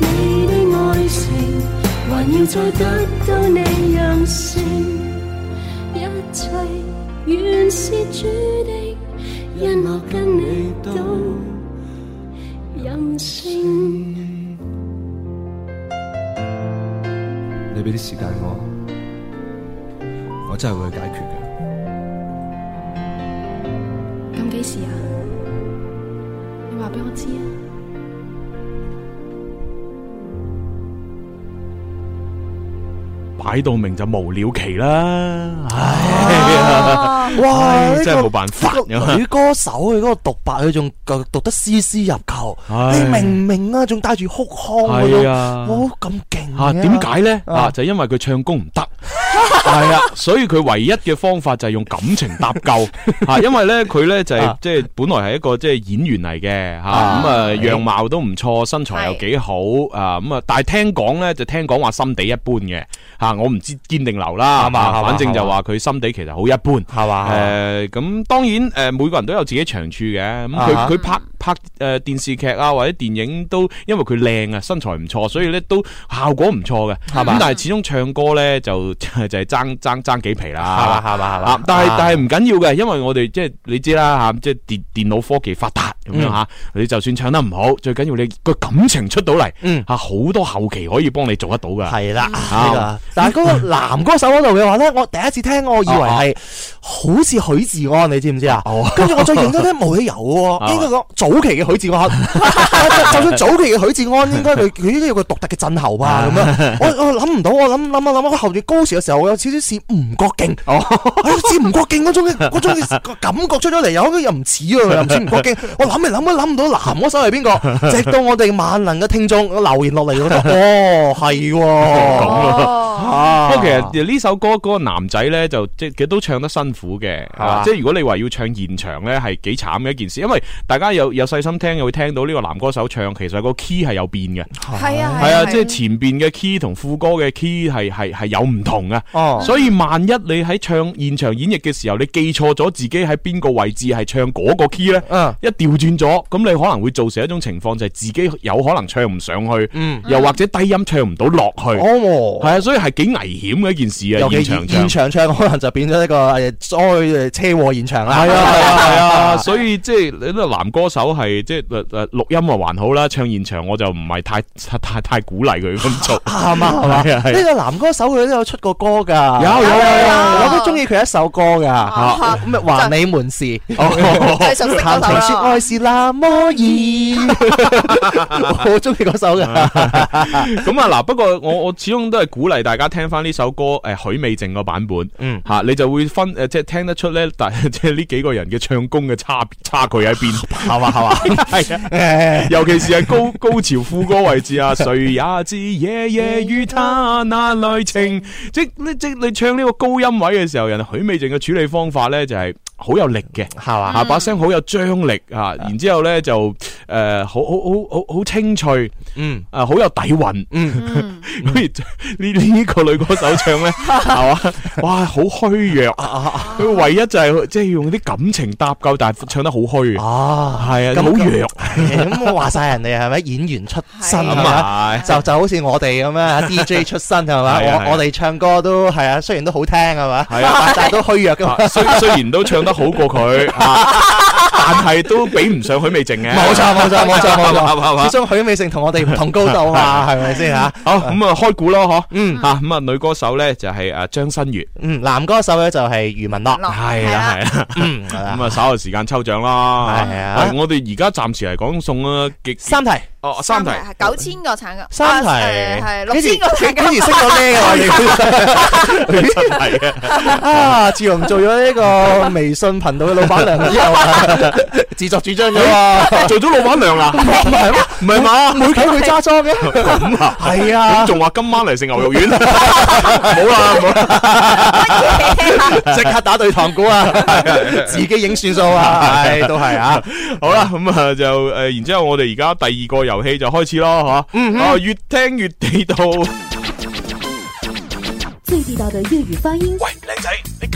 你的愛情，還要再得到你任性，一切原是注定。啲時間我我真係會去解決嘅。咁幾時啊？你話俾我知啊！擺到明就無了期啦！唉。啊 哇！真係冇辦法，女歌手佢嗰個獨白佢仲讀得絲絲入扣。你明唔明啊？仲帶住哭腔，係啊，我咁勁啊？點解咧？啊，就係因為佢唱功唔得。係 啊，所以佢唯一嘅方法就係用感情搭救吓、 啊，因為咧佢咧就係即係本來係一個即係、就是、演員嚟嘅吓，咁啊，啊、嗯、樣貌都唔錯，身材又幾好啊，咁啊，但係聽講咧就聽講話心地一般嘅吓、啊，我唔知堅定流啦係嘛，反正就話佢心地其實好一般係嘛，誒咁、啊啊、當然誒、呃、每個人都有自己長處嘅，咁佢佢拍拍誒電視劇啊或者電影都因為佢靚啊，身材唔錯，所以咧都效果唔錯嘅係嘛，咁、嗯、但係始終唱歌咧就就係、是。爭爭爭幾皮啦，係啦係啦係啦，但係但係唔緊要嘅，因為我哋即係你知啦吓，即、啊、係電電腦科技發達咁樣吓，你就算唱得唔好，最緊要你個感情出到嚟，嗯吓，好多後期可以幫你做得到噶係啦，係啦。但係嗰個男歌手嗰度嘅話咧，我第一次聽我以為係好似許志安，你知唔知啊？跟、哦、住、哦、我再認真聽，冇理由嘅，應該講早期嘅許志安，哦、 就算早期嘅許志安應該，應該佢佢應該有個獨特嘅震喉吧咁、啊、樣。 我我諗唔到，我諗諗諗諗，我後邊高潮嘅時候我有。似似吳國敬，係似吳國敬嗰種嘅， 嗰種感覺出咗嚟，又好又唔似啊，又唔似吳國敬。我諗嚟諗去諗唔到男歌手係邊個，直到我哋萬能嘅聽眾留言落嚟、嗰度，覺 得哦係。咁啊，不、哦、過、啊、其實呢首歌嗰個男仔咧就即係都唱得辛苦嘅、啊，即係如果你話要唱現場咧係幾慘嘅一件事，因為大家有有細心聽，會聽到呢個男歌手唱其實個 key 係有變嘅，係啊，係啊，即係、啊啊啊就是、前邊嘅 key 同副歌嘅 key 係係係有唔同嘅。啊。所以萬一你喺唱現場演繹嘅時候，你記錯咗自己喺邊個位置係唱嗰個 key 咧、嗯，一調轉咗，咁你可能會造成一種情況，就係、是、自己有可能唱唔上去、嗯，又或者低音唱唔到落去，係、哦、啊，所以係幾危險嘅一件事啊！現場唱，現場唱可能就變咗一個災、呃、車禍現場啦。係啊係啊係啊，所以即係你呢個男歌手係即係誒誒錄音啊還好啦，唱現場我就唔係太太太，太鼓勵佢咁做。啱啊，呢個男歌手佢都有出過歌噶。有有有，我都中意佢一首歌噶，咩 還你門市，談 情說愛是摩 喜歡那麼易，我中意嗰首嘅。咁啊嗱，不過我我始終都係鼓勵大家聽翻呢首歌，誒、啊、許美靜個版本，吓、嗯啊、你就會分，誒即係聽得出咧，但即係呢幾個人嘅唱功嘅差差距喺邊，係嘛係嘛，係尤其是係高高潮副歌位置啊，誰也知夜夜與他那來情，即 即。即你唱呢個高音位嘅時候，人許美靜嘅處理方法咧就係。好有力嘅，係嘛？吓把聲好有張力啊！嗯、力啊然之後咧就誒、呃、好好好好好清脆，嗯啊好有底蘊嗯。咁、嗯、 而呢呢個女歌手唱咧，係 嘛？哇，好虛弱 啊！佢唯一就係即係用啲感情搭救，但係唱得好虛啊！係啊，好弱。咁 話晒人哋係咪演員出身啊嘛？啊 是啊 就就好似我哋咁樣啊，DJ 出身係嘛、啊啊？我我哋唱歌都係啊，雖然都好聽係嘛？係啊，但係都虛弱嘅。 雖雖然都唱得。好過佢啊。但係都比唔上許美靜嘅， 冇錯冇錯冇錯冇錯， 始終許美靜同我哋唔同高度嘛，係咪先吓？好，咁啊，開估咯，嗬。 嗯，咁 啊、嗯，女歌手咧就係誒張新月，嗯，男歌手咧就係余文樂，係啦係啦，嗯，咁啊稍後時間抽獎咯，係啊。我哋而家暫時嚟講送啊，幾三題，哦，三題，九千個橙嘅，三題，係六千個橙嘅，好似識咗咩嘅，係啊，啊、嗯，自從做咗呢個微信頻道嘅老闆娘之後。 自作主張咗，嘛，做咗老闆娘啦，係嘛，唔係嘛，每期佢揸莊嘅，咁啊，係 啊，仲 話 今晚嚟食牛肉丸，冇 有啦，冇啦，即刻打對堂鼓啊， 自己影算數啊，係、 哎、都係啊， 好啦，咁、嗯、啊 就誒，然之後我哋而家第二個遊戲就開始咯，吓、 啊，越聽越地道，最地道嘅粵語發音，喂，靚仔。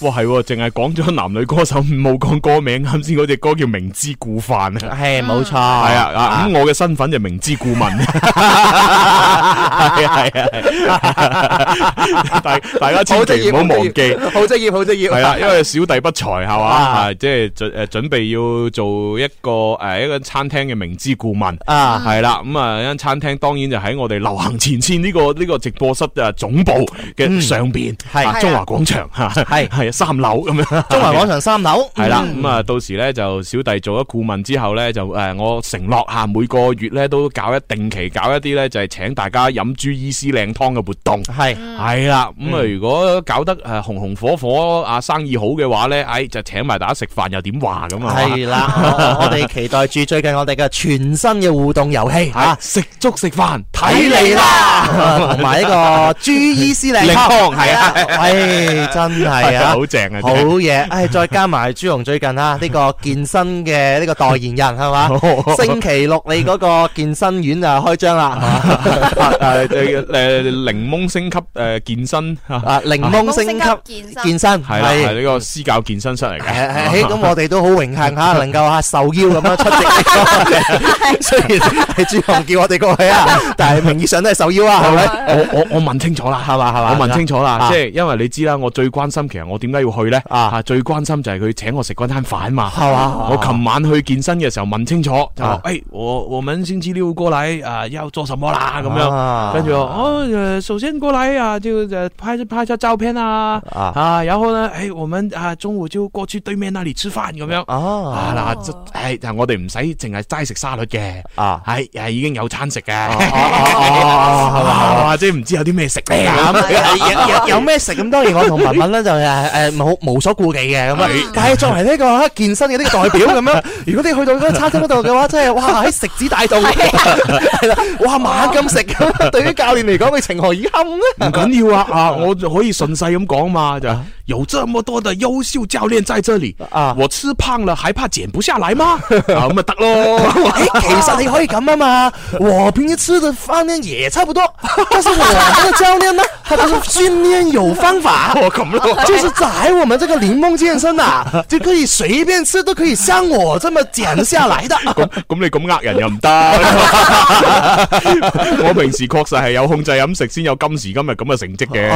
哇係喎，淨係講咗男女歌手，冇講歌名。啱先嗰隻歌叫明知故犯啊，係冇錯，係啊。咁、嗯嗯嗯、我嘅身份就明知故問，係啊係大大家千祈唔好忘記，好職業好職業，係啦。因為小弟不才係嘛，即係準準備要做一個誒、呃、一個餐廳嘅明知故問啊，係啦。咁、嗯、啊，一間餐廳當然就喺我哋流行前線呢個呢個直播室誒總部嘅上邊，係中華廣場係係。嗯嗯三樓咁樣，中華廣場三樓係啦。咁啊，到時咧就小弟做咗顧問之後咧，就誒，我承諾吓每個月咧都搞一定期，搞一啲咧就係請大家飲豬醫師靚湯嘅活動。係係啦，咁啊，如果搞得誒紅紅火火啊，生意好嘅話咧，哎就請埋大家食飯又點話咁啊？係啦，我哋期待住最近我哋嘅全新嘅互動遊戲啊，食粥食飯睇你啦，同埋呢個豬醫師靚湯係啊，唉真係啊！好正啊！好嘢，誒、哎，再加埋朱紅最近啊，呢、呢個健身嘅呢、呢個代言人係嘛？ 星期六你嗰個健身院就開張啦，誒誒，檸檬升級誒健身啊，檸、啊 啊、檬升級健身係啦，係呢個私教健身室嚟嘅。係咁我哋都好榮幸吓，能夠吓受邀咁樣出席。雖然係朱紅叫我哋過去啊，但係名義上都係受邀啊，係咪？我我我問清楚啦，係嘛係嘛？我問清楚啦，即係因為你知啦，我最關心其實我點。嗯點解要去咧？啊，最關心就係佢請我食嗰餐飯嘛，係嘛？我琴晚去健身嘅時候問清楚，就誒、啊啊欸，我我們星期六過嚟啊，要做什麼啦？咁樣，啊啊跟住哦、啊，首先過來啊，就拍一拍照片啊，啊，啊，然後呢，誒、欸，我們啊中午就過去對面那裡吃飯咁樣。哦，嗱，就係、哎、我哋唔使淨係齋食沙律嘅，係、啊、係、啊哎、已經有餐食嘅，係嘛？即係唔知有啲咩食咩，有咩食咁，當然我同文文咧就誒，冇，無所顧忌嘅，咁但係作為呢個健身嘅呢個代表咁樣， 如果你去到嗰個餐廳嗰度嘅話，真係哇喺食指大動 對、啊， 哇猛咁食，對於教練嚟講，你情何以堪啊？唔緊要啊，啊，我可以順勢咁講嘛，就有這麼多嘅優秀教練在這裏啊，我吃胖了還怕減不下來嗎？咁咪得咯。 其實你可以咁啊嘛，我平時吃嘅飯量也差不多，但是我嘅教練呢，他是訓練有方法，咁咯，就是喺、哎、我們這個檸檬健身啊，就可以隨便吃，都可以像我這麼減下來的。咁，咁你咁呃人又唔得。 我平時確實係有控制飲食，先有今時今日咁嘅成績嘅。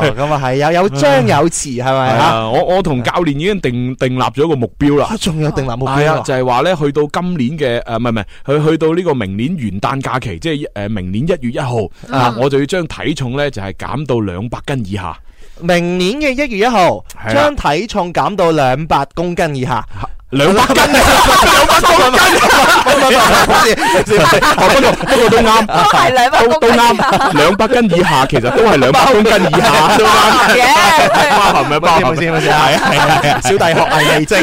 咁啊，係有有張有弛，係咪啊？我我同教練已經定、定立咗個目標啦。仲、啊、有定立目標啊？就係話咧，去到今年嘅誒，唔係，唔係，去去到呢個明年元旦假期，即係誒、啊，明年一月一號、嗯、啊，我就要將體重咧就係、是、減到兩百斤以下。明年嘅一月一號，將體重減到兩百公斤以下。兩百斤以下啊！兩百公斤，唔係唔係，嗰個嗰個都啱，都係兩百，都啱，兩百斤以下其實都係兩百公斤以下，都啱嘅，係咪？唔好意思，唔好意思，係啊係啊係啊，小弟學藝未精，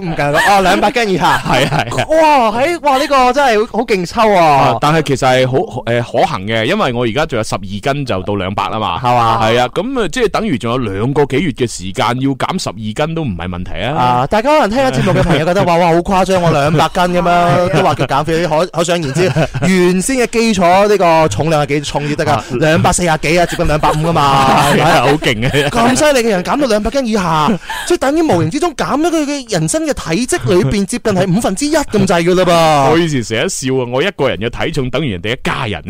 唔夠咯。哦、啊，兩百斤以下，係係。哇，係哇，呢個真係好勁抽啊！但係其實係好誒可行嘅，因為我而家仲有十二斤就到兩百啊嘛，係嘛？係啊，咁啊，即係等於仲有兩個幾月嘅時間要減十二斤都唔係問題啊！啊，大家。多人聽下節目嘅朋友覺得話哇好誇張，我兩百斤咁樣都話叫減肥，可可，可想而知，原先嘅基礎呢、這個重量係幾重先得噶？兩百四廿幾啊，接近兩百五噶嘛，係咪呀，好勁啊！咁犀利嘅人減到兩百斤以下，即 係等於無形之中減咗佢嘅人生嘅體積裏邊接近係五分之一咁滯噶啦噃！我以前成日笑啊，我一個人嘅體重等於人哋一家人，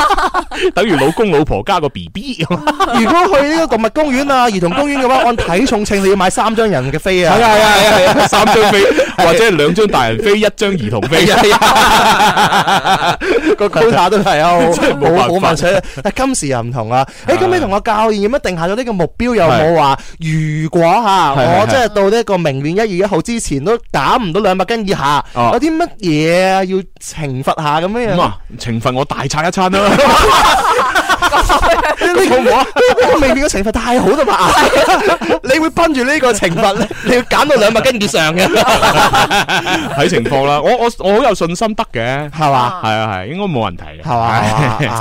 等於老公老婆加個 B B。 如果去呢個動物公園啊、兒童公園嘅話，按體重稱你要買三張人嘅飛啊！係啊！係 啊，三張飛或者係兩張大人飛，一張兒童飛，個框都係啊，冇冇辦， 沒辦 但今時又唔同啦，誒，咁、欸、你同我教練咁樣定下咗呢個目標？有冇話如果吓我即係到呢個明年一月一號之前都打唔到兩百斤以下，有啲乜嘢要懲罰下咁樣？咁啊，懲罰、嗯啊、我大餐一餐啦。 呢個呢好， 未年嘅懲罰太好啦嘛！ 你會奔住呢個懲罰咧，你要減到兩百斤以上嘅，睇情況啦。我我我好有信心得嘅，係嘛，係啊係，應該冇問題嘅，係嘛。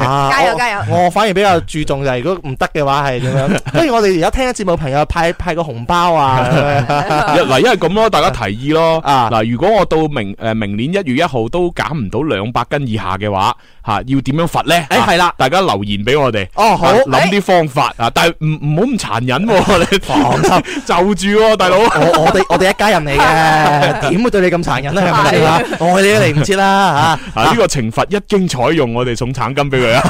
啊、 加油加油！我反而比較注重就係、是，如果唔得嘅話係點樣？不 如我哋而家聽下節目，朋友派派個紅包啊！嗱，因為咁咯，大家提議咯啊！嗱，如果我到明誒、呃、明年一月一號都減唔到兩百斤以下嘅話，吓要點樣罰咧？誒係啦，大家留言俾我哋哦，好諗啲方法啊、哎！但係唔唔好咁殘忍、啊，你放心 就住、啊，大佬，我哋我哋一家人嚟嘅點 會對你咁殘忍咧？係咪先？我哋都嚟唔切啦吓！呢、啊啊啊這個懲罰一經採用，我哋送橙金俾佢啊，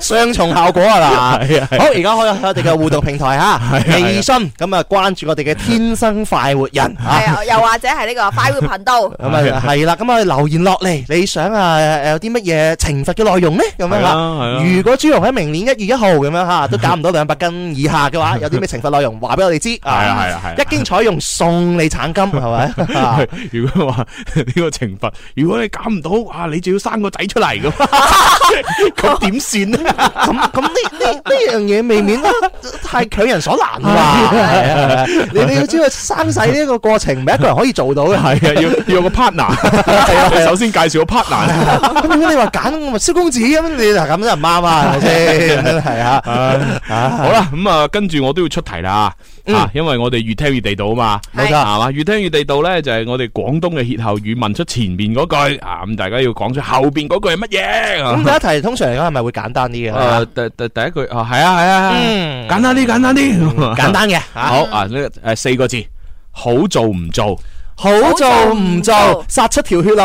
雙 重效果啊啦！好，而家可以開我哋嘅互動平台吓，微信咁啊、嗯、關注我哋嘅天生快活人，係、嗯、又或者係呢、這個快活頻道咁啊，係啦，咁啊留言落。嚟，你想啊誒，有啲乜嘢懲罰嘅內容呢？咁樣吓，如果朱紅喺明年一月一號咁樣吓，都減唔到兩百斤以下嘅話，有啲咩懲罰內容？話俾我哋知啊！係啊係啊係！一經採用送你產金，係咪？如果話呢個懲罰，如果你減唔到啊，你就要生個仔出嚟嘅，咁點算咧？咁咁呢呢呢樣嘢未免咧太強人所難啦！你你要知道生仔呢個過程唔係一個人可以做到嘅，係啊，要要個 partner 首先。介紹個 partner，咁你話揀我咪蕭公子咁、嗯，你嚟揀都唔啱嘛？先 係啊，啊，啊，啊，啊，好啦，咁、嗯、啊，跟住我都要出題啦，啊、嗯，因為我哋越聽越地道啊嘛，冇錯、啊，係、啊、嘛，越、啊、聽越地道咧，就係、是、我哋廣東嘅歇後語，問出前面嗰句，啊，咁大家要講出後邊嗰句係乜嘢？咁、嗯、 第一題通常嚟講係咪會簡單啲嘅、啊啊？第第第一句，哦，係啊，係啊，啊，啊，嗯，簡單啲，簡單啲、嗯嗯，簡單嘅、啊，好啊，呢誒四個字，好做唔做？好做唔做，殺出條血路。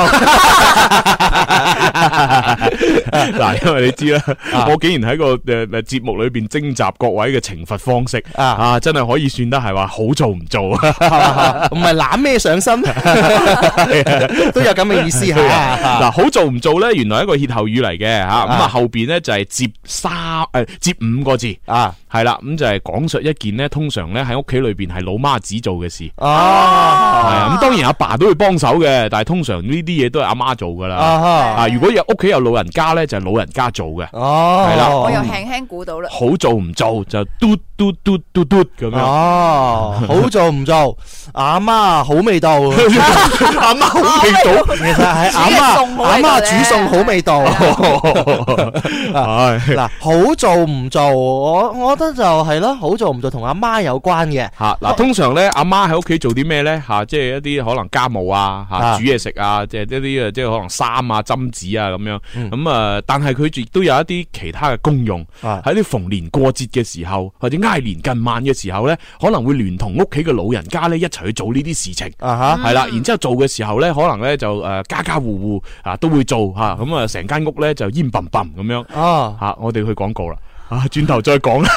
嗱， 因為你知啦、啊，我竟然喺個誒誒節目裏邊徵集各位嘅懲罰方式啊，啊，真係可以算得係話好做唔做，唔係攬咩上身， 都有咁嘅意思。嗱、啊啊啊，好做唔做咧，原來是一個歇後語嚟嘅吓，咁啊,啊、嗯、後邊咧就係接三誒、哎、接五個字啊，係啦，咁就係、是、講述一件咧通常咧喺屋企裏邊係老媽子做嘅事。哦，係啊。當然阿爸都會幫手嘅，但係通常呢啲嘢都係阿媽做噶啦。啊、uh -huh.，如果有屋企有老人家咧，就係、是、老人家做嘅。哦，係啦，我又輕輕估到啦。好做唔做就嘟嘟嘟嘟嘟咁樣。哦、uh -huh.， 好做唔做。阿媽好味道， 阿媽好味道， 其實係阿媽 阿媽煮餸好味道。係 嗱、啊哎啊，好做唔做？我我覺得就係咯，好做唔做同阿媽有關嘅。吓、啊、嗱、啊啊啊，通常咧，阿媽喺屋企做啲咩咧？吓、啊，即係一啲可能家務啊，吓、啊、煮嘢食啊，啊，啊，即係一啲即係可能衫啊、針黹啊咁樣。咁、嗯、啊，但係佢亦都有一啲其他嘅功用。喺、啊、啲逢年過節嘅時候，或者挨年近晚嘅時候咧，可能會聯同屋企嘅老人家咧一齊。去做呢啲事情，係、嗯、啦，然之後做嘅時候咧，可能咧就誒，家家戶戶啊都會做吓，咁啊成間屋咧就煙嘭嘭咁樣，吓，我哋去廣告啦，啊轉頭再講啦。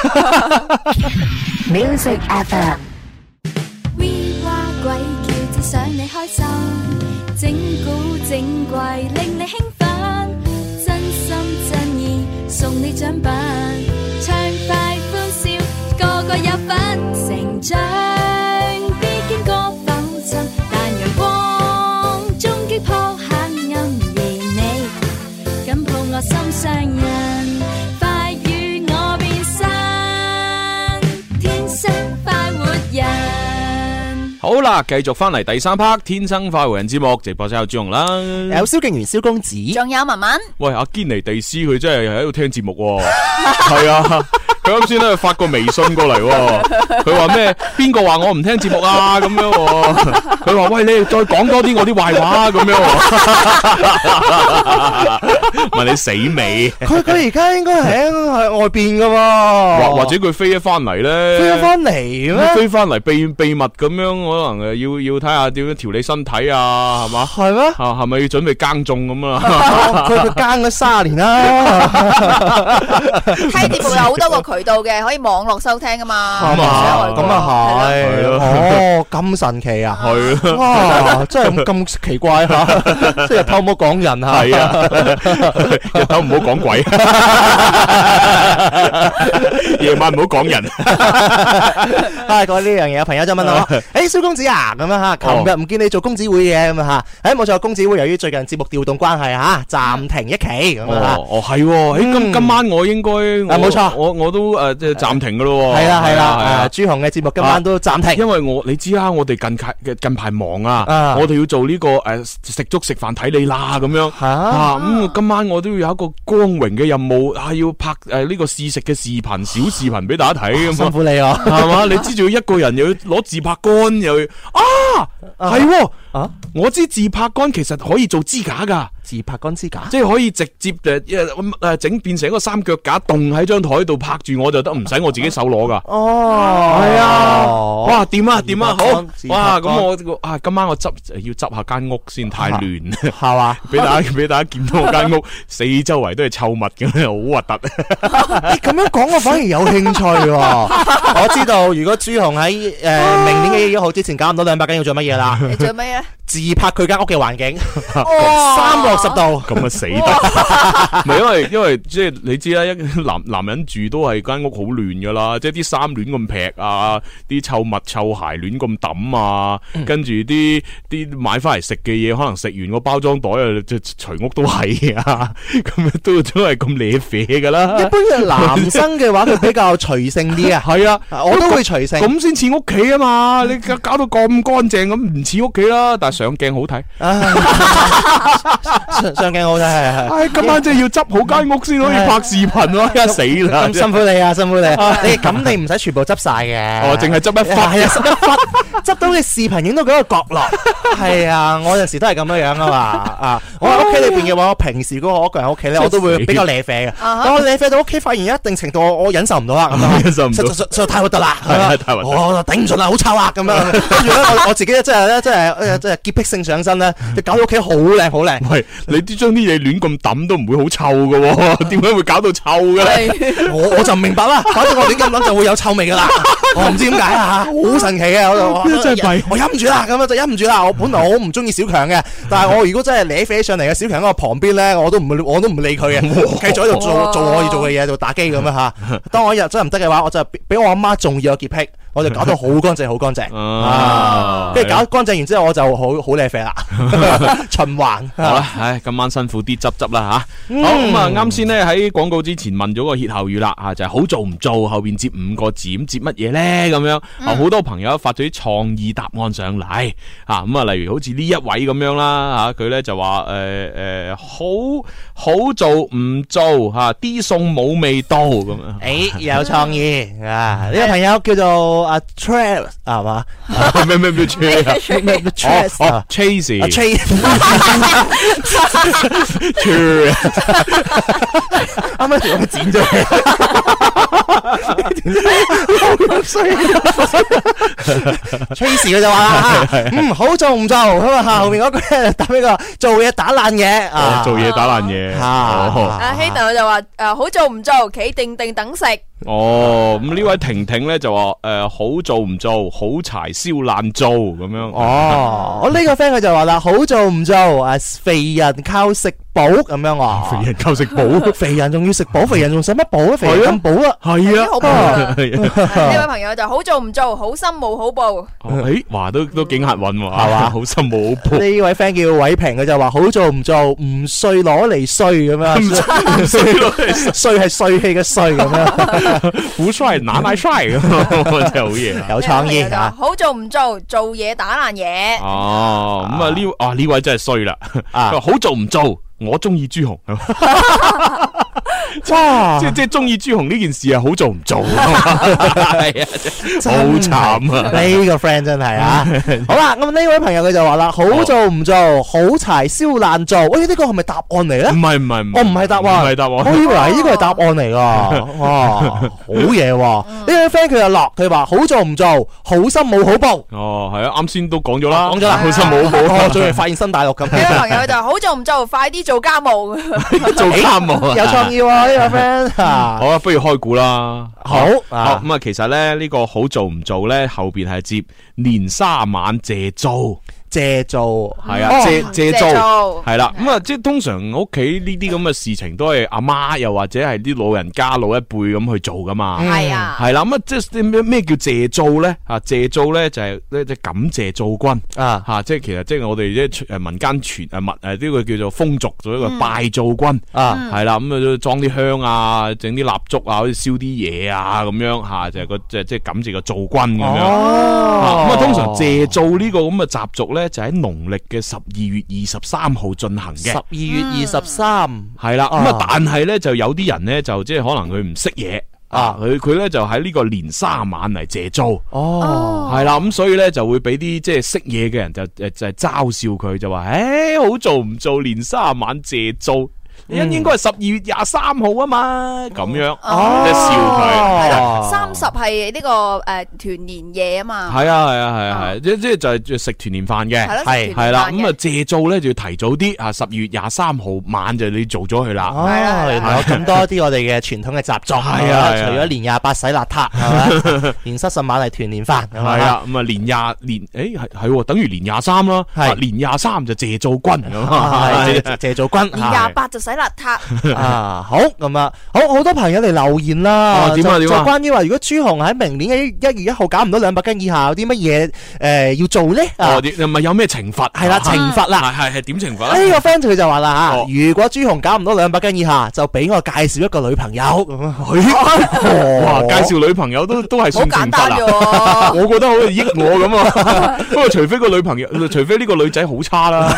好啦，繼續翻嚟第三 part《天生快活人》節目，直播室有朱龍啦，有蕭敬元、蕭公子，仲有文文。喂，阿堅尼地師，佢真係喺度聽節目。係啊。 是啊 佢啱先咧，發個微信過嚟，佢話咩？邊個話我唔聽節目啊？咁樣，佢話喂，你再講多啲我啲壞話啊？咁樣， 問你死未？佢佢而家應該喺喺外邊噶、啊，或或者佢飛咗翻嚟咧？飛咗翻嚟咩？飛翻嚟秘秘密咁樣，可能誒要要睇下點樣調理身體啊？係嘛？係咩？係咪要準備耕種咁 啊？佢佢耕咗卅年啦，睇節目有好多過佢。渠道嘅可以網絡收聽啊嘛，係嘛，咁啊係，哦咁神奇啊，係，哇真係咁奇怪吓，即係偷唔好講人吓，日頭唔好講鬼，夜晚唔好講人，啊講呢樣嘢，朋友就問我，誒，小公子啊，咁啊吓，琴日唔見你做公子會嘅咁啊吓，誒冇錯，公子會由於最近節目調動關係啊，暫停一期咁啊，哦係，誒今今晚我應該，啊冇錯，我我都。都、啊、誒，即係暫停噶咯，係啦係啦，誒、啊啊啊啊，朱紅嘅節目今晚都暫停、啊。因為我你知啊，我哋近近排忙啊，啊我哋要做呢、這個誒、啊、食粥食飯睇你啦咁樣，啊，咁、啊嗯、今晚我都要有一個光榮嘅任務，係、啊、要拍誒呢、啊這個試食嘅視頻小視頻俾大家睇，辛苦你啊，係嘛？ 你知仲要一個人又要攞自拍桿又要啊，係啊，啊，啊，我知自拍桿其實可以做支架噶。自拍杆支架，即係可以直接誒誒、啊啊、整變成一個三腳架，棟喺張台度拍住我就得，唔使我自己手攞㗎。哦，係啊，哇，掂啊掂啊，好哇！咁我啊今晚我執要執下間屋先，太亂啦，係、啊、嘛？俾 是吧 大家俾大家見到我間屋 四周圍都係臭物嘅，好核突。你 咁、欸、樣講，我反而有興趣喎。 我知道，如果朱紅喺誒、呃、明年嘅一號之前搞唔到兩百斤，要做乜嘢啦？你做咩？嘢？自拍佢間屋嘅環境， 三百六十度咁啊，死得！唔係 因為因為即係你知啦，一男男人住都係間屋好亂噶啦，即係啲衫亂咁劈啊，啲臭襪臭鞋亂咁抌啊，跟住啲啲買翻嚟食嘅嘢，可能食完個包裝袋啊，即除屋都係啊，咁、嗯、 都都係咁咧啡噶啦。一般嘅男生嘅話，佢 比較隨性啲啊。係 啊，我都會隨性，咁先似屋企啊嘛！你搞到咁乾淨咁，唔似屋企啦。但上鏡好睇、哎，上上鏡好睇係係。今晚真係要執好間屋先可以拍視頻咯，而、哎、家死啦、啊！辛苦你啊，辛苦你、哎。你咁、哎、你唔使全部執晒嘅，我淨係執一忽啊，執、哎、 到嘅視頻影到嗰個角落。係、哎、啊、哎，我有時都係咁樣樣啊嘛啊！我喺屋企裏面嘅話、哎，我平時嗰個一人屋企咧，我都會比較瀨啡嘅。哎、我瀨啡到屋企，發現一定程度我忍受唔到啦，忍受唔到，太核突啦，太核突，我頂唔順啦，好臭啊，咁樣跟住我自己真係。 潔癖性上身啦，就搞到屋企好靚好靚。係，你啲將啲嘢亂咁抌都唔會好臭噶，點解會搞到臭㗎？我我就唔明白啦，反正我亂咁抌就會有臭味噶啦。我唔知點解啊吓，好神奇嘅。呢真係我，我忍唔住啦，咁樣就忍唔住啦。我本來好唔中意小強嘅，但係我如果真係咧飛上嚟嘅小強喺我旁邊咧，我都唔我都唔理佢嘅，繼、哦、續喺度做做可以做嘅嘢，就打機咁樣吓。當我一日真係唔得嘅話，我就比我阿媽仲要有潔癖。 我就搞到好乾淨，好乾淨啊！跟、啊、住搞乾淨完之後，我就 循環 好好靚肥啦，循環。好啦，唉，今晚辛苦啲執執啦吓。好咁、嗯、啊，啱先咧喺廣告之前問咗個歇後語啦，吓就係、是、好做唔做，後邊接五個字，嗯、接乜嘢咧？咁樣啊，好、嗯、多朋友發咗啲創意答案上嚟咁啊，啊，例如好似呢一位咁樣啦，吓佢咧就話誒誒，好好做唔做吓？啲餸冇味道咁啊！誒、哎，有創意啊！呢、啊啊這個朋友叫做。啊，trails 係嘛？咩咩咩，trails，咩咩 trails 啊？Chasey，Chasey，trails，啱啱仲剪咗佢，好衰 Chase 佢就話：嗯，好做唔做？咁啊，後面嗰個打呢個做嘢打爛嘢啊，做嘢打爛嘢。啊，阿希 n 我就話：誒， 好做唔做？企定定等食。Ah, 啊哦，咁呢位婷婷咧就話誒、呃、好做唔做，好柴燒爛做咁樣。哦， 我呢個 friend 佢就話啦，好做唔做啊，肥人靠食。補咁樣啊，肥人夠食補，肥人仲要食補，肥人仲使乜補啊？肥咁補啊？係啊，呢位朋友就係好做唔做好心冇好報。誒，哇，都都幾押韻係嘛？好心冇好報。呢位 friend 叫偉平，佢就話好做唔做唔衰攞嚟衰咁樣，衰係衰氣嘅衰咁樣，好衰難買衰咁啊！真係好嘢，有創意啊！好做唔做做嘢打爛嘢。哦，咁啊呢啊呢位真係衰啦，佢話好做唔做。我中意朱紅。錯、啊，即係即係中意朱紅呢件事做做 啊，好做唔做，係啊，好、這、慘、個、啊！呢個 friend 真係啊，好啦，咁呢位朋友佢就話啦，好做唔做，好柴燒爛做，喂、欸、呢、這個係咪答案嚟咧？唔係唔係我唔係答案，唔係答，答案，我以為呢個係答案嚟噶，哇、啊啊 啊嗯這個，好嘢喎！呢位 friend 佢又落，佢話好做唔做，好心冇好報。哦，係啊，啱先都講咗啦，講咗啦，好心冇好報，仲要、啊、 發現新大陸咁。呢位朋友就話、是、好做唔做，快啲做家務， 做家務、欸、 有創意啊。 好啊，不如開估啦。好，咁啊，其實咧呢個好做唔做咧，後邊係接年卅晚謝灶。謝灶，係啊，謝謝灶係啦，咁、哦、啊，即係、啊、通常屋企呢啲咁嘅事情都係阿媽又或者係啲老人家老一輩咁去做噶嘛，係啊，係啦，咁啊，即係咩咩叫謝灶咧？謝灶咧就係咧即係感謝灶君啊，吓、啊，即係其實即係我哋即係民間傳物，民誒呢個叫做風俗做一個拜灶君、嗯、啊，係、嗯、啦，咁啊裝啲香啊，整啲蠟燭啊，好似燒啲嘢啊咁樣吓，就係個即係即係感謝個灶君咁樣，咁、哦、啊通常謝灶呢個咁嘅習俗咧。咧就喺農曆嘅十二月二十三號進行嘅，十二月二十三係啦，咁啊但係咧就有啲人咧就即係可能佢唔識嘢啊，佢佢咧就喺呢個年卅晚嚟謝灶，哦係啦，咁所以咧就會俾啲即係識嘢嘅人就誒就，就嘲笑佢就話，誒、欸、好做唔做年卅晚謝灶。依家應該係十二月廿三號啊嘛，咁樣，即、哦、係笑佢。三十係呢個誒、呃、團年夜啊嘛。係啊係啊係啊即即係就係食團年飯嘅，係係啦。咁啊謝灶咧就要提早啲啊，十二月廿三號晚就你做咗佢啦。係、哦、咯，咁多啲我哋嘅傳統嘅習俗。啊，除咗年廿八洗邋遢，年三十晚係團年飯。係啊，咁啊年廿年，誒、欸、係等於年廿三咯，年廿三就謝灶君，咁謝灶君。年廿八就洗邋 遢啊，好咁啊，好好多朋友嚟留言啦、啊啊啊，就關於話如果朱紅喺明年嘅一月一號搞唔到兩百斤以下，有啲乜嘢誒要做咧、啊？哦，唔係有咩懲罰？係啦，懲罰啦，係係點懲罰？呢個 friend 佢就話啦吓，如果朱紅搞唔到兩百斤以下，就俾我介紹一個女朋友咁啊？ 哇， 介紹女朋友都都係算懲罰啊？ 我覺得好似益我咁啊， 不過除非個女朋友，除非呢個女仔好差啦，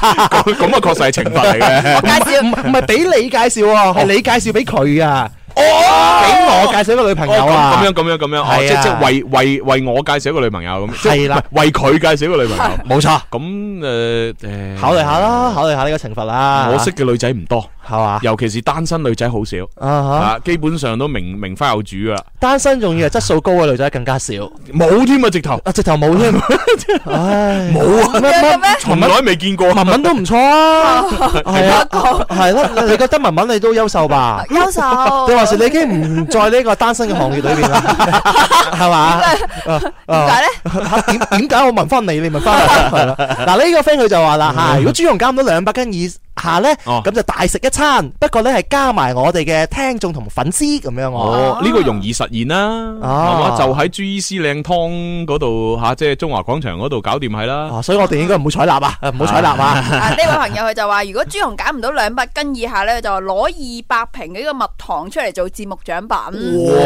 咁啊，確 實係懲罰嚟嘅。唔唔係俾你介紹喎，哦、係你介紹俾佢、哦哦哦、啊！哦，俾我介紹一個女朋友啊！咁樣咁樣咁樣，即即為為為我介紹一個女朋友咁，即唔係為佢介紹一個女朋友。冇、啊啊、錯。咁誒誒，考慮下啦，考慮下呢個懲罰啦。我識嘅女仔唔多。係嘛、啊，尤其是單身女仔好少，吓、啊，基本上都名，名花有主啦。單身仲要係質素高嘅女仔更加少，冇添啊！直頭，直頭冇添，唉，冇啊！咩、哎、咩？從來未見過，文文都唔錯啊！係啊，係咯、啊啊啊啊啊，你覺得文文你都優秀吧？優秀。你話事，你已經唔在呢個單身嘅行業裏邊啦，係 嘛？點點解我問翻你，你咪翻嚟嗱，呢、 啊這個 friend 佢就話啦吓，如果朱紅減到兩百斤二。下呢，咁、哦、就大食一餐。不過呢，係加埋我哋嘅聽眾同粉絲咁樣。哦，呢、啊這個容易實現啦。哦、啊啊，就喺朱醫師靚湯嗰度吓，即係中華廣場嗰度搞掂係啦。所以我哋應該唔好採納啊，唔好採納啊。呢、啊、位、這個、朋友佢就話， 如果朱紅揀唔到兩百斤以下呢，就攞二百瓶嘅呢個蜜糖出嚟做節目獎品。哇，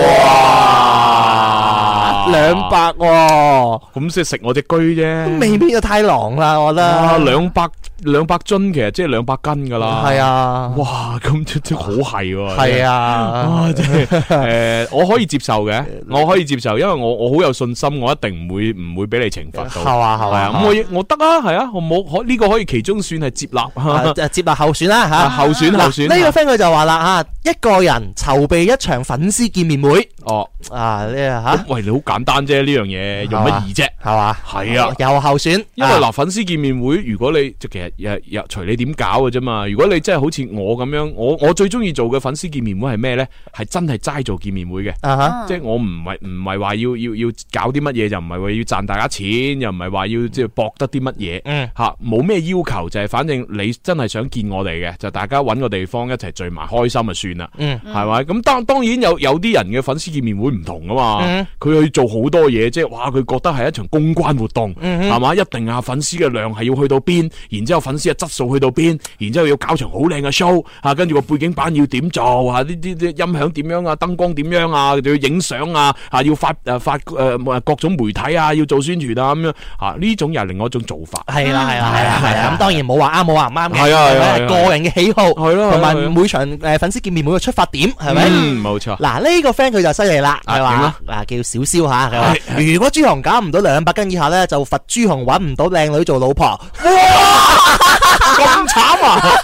兩百喎！咁先食我隻車啫，未必就太狼啦。我覺得兩百。啊兩百,百斤，其實即係兩百斤噶啦，係啊，哇，咁即即好係喎，係啊，誒、啊啊啊 呃，我可以接受嘅，我可以接受，因為我我好有信心，我一定唔會唔會俾你懲罰到，係啊，係啊，咁我我得啊，係啊，我冇可呢、啊啊這個可以其中算係接納、 啊，接納候選啦吓，候選、啊啊啊、候選、啊，呢、啊啊啊這個 friend 佢就話啦吓，一個人籌備一場粉絲見面會，哦、啊，啊呢吓、啊啊，喂，你好簡單啫，這啊、呢樣嘢用乜易啫？係嘛？係啊，有候選。因為嗱、啊，粉絲見面會，如果你其實又又隨你點搞嘅啫嘛。如果你真係好似我咁樣，我我最中意做嘅粉絲見面會係咩咧？係真係齋做見面會嘅。Uh -huh. 即係我唔係唔係話要要要搞啲乜嘢，就唔係話要賺大家錢，又唔係話要即係博得啲乜嘢。吓、嗯，冇、啊、咩要求，就係、是、反正你真係想見我哋嘅，就大家搵個地方一齊聚埋開心啊，算啦。嗯。係咪？咁當當然有有啲人嘅粉絲見面會唔同噶嘛。佢、嗯、去做好多嘢，即係哇！佢覺得係一場。公關活動係嘛，一定啊，粉絲嘅量係要去到邊，然之後粉絲嘅質素去到邊，然之後要搞場好靚嘅 show，跟住個背景板要點做啊？呢啲啲音響點樣啊？燈光點樣啊？要影相啊？啊要、啊啊、發誒發誒各種媒體啊，要做宣傳啊咁樣吓呢種又係另外一種做法。係啦係啦係啦係啦，咁、啊啊、當然冇話啱冇話唔啱嘅，係啊係個人嘅喜好係咯，同埋每場誒粉絲見面每個出發點係咪？冇錯。嗱呢、這個 friend 佢就犀利啦，係、啊、嘛？嗱叫小蕭吓，如果朱紅搞唔到兩。百斤以下呢，就罰朱紅揾唔到靚女做老婆。咁慘啊！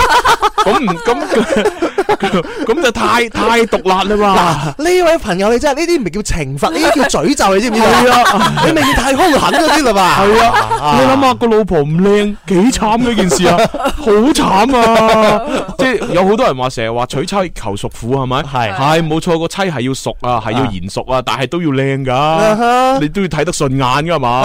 咁唔咁咁就太太毒辣啦嘛！呢位朋友你真係呢啲唔係叫懲罰，呢 啲叫詛咒你知唔知啊，啊，啊？你咪要太凶狠咗啲啦嘛。係啊，啊！你諗下個老婆唔靚，幾慘呢件事啊？好 慘慘啊！ 即係有好多人話成日話娶妻求淑婦係咪？係係冇錯個妻係要淑啊，係要賢淑啊，但係都要靚噶、啊，你都要睇得順眼噶係嘛？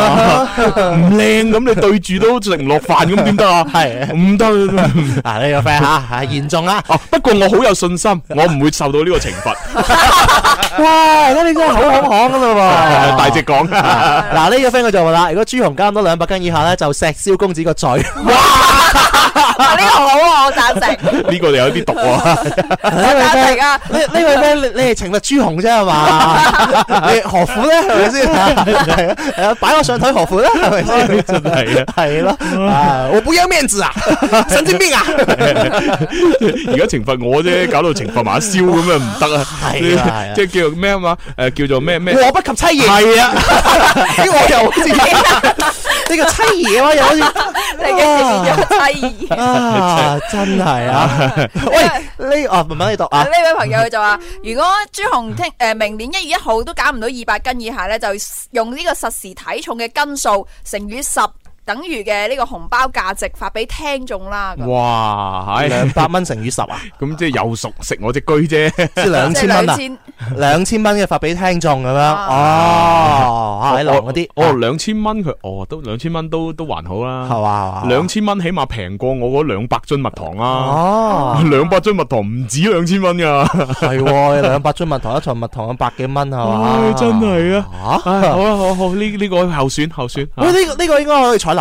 唔靚咁你對住都食唔落飯咁點得啊？係 麼。 唔得嗱呢個 friend 吓，嚴、啊啊啊、重啦！哦、啊，不過我好有信心，我唔會受到呢個懲罰。哇，咁你真係好好行講咯喎！大隻講嗱呢個 friend 佢就話啦，如果豬紅加多到兩百斤以下咧，就錫蕭公子個嘴。呢個好啊，這個、好，我贊成。呢、這個就有一啲毒啊，我 贊成啊。呢呢位咧，你你係懲罰朱紅啫係嘛？你， 你何苦咧？係咪先？係 啊，擺我上台何苦咧？係咪先？真係啊，係咯、啊啊。我不要面子啊，啊神經病啊！而家懲罰我啫，搞到懲罰馬燒咁樣唔得啊！係啊，即係、啊啊、 叫做咩啊嘛？誒，叫做咩咩？禍不及妻言。係啊， 我又好似。 呢 個妻兒喎、啊，又可以，你幾時變妻兒？啊，真係啊！喂，呢因 啊，慢慢嚟讀啊。呢位朋友就話： 如果朱紅聽誒明年一月一號都減唔到二百斤以下咧，就用呢個實時體重嘅斤數乘以十。等於嘅呢個紅包價值發俾聽眾啦。哇，係、哎、兩百蚊乘以十啊！咁即係又熟食 我只居啫，即係兩千蚊兩、啊、 千蚊嘅發俾聽眾咁樣哦，喺樓嗰啲哦，兩、啊啊啊、千蚊佢哦，都兩千蚊都都還好啦，係係兩千蚊起碼平過我嗰兩百樽蜜糖啊。哦、啊，兩百樽蜜糖唔止兩千蚊噶，係 兩、啊、百樽蜜糖 一樽蜜糖，一蜜糖一百幾蚊啊，哎、真係啊。好啊好啊，呢、哎、呢、 呢個候選候選，喂呢、啊呢個呢、呢個應該可以採納。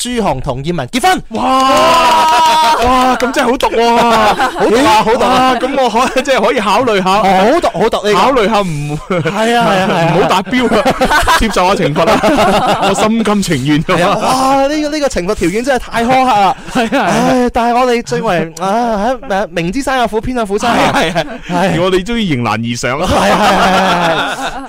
朱紅同葉文結婚，哇哇，咁真係好毒喎、啊！好、欸、毒好、啊、毒、啊，咁我可即係可以考慮下，好毒好毒，你、這個、考慮下唔係啊係啊，唔好達、啊啊啊啊、標啊，接受下懲罰啦， 我心甘情願啊，啊呢、這個呢、這個懲罰條件真係太苛刻啦，係、啊哎、但係我哋最為 啊明知山有虎，偏向虎山係係係，我哋中意迎難而上啊，係係係係，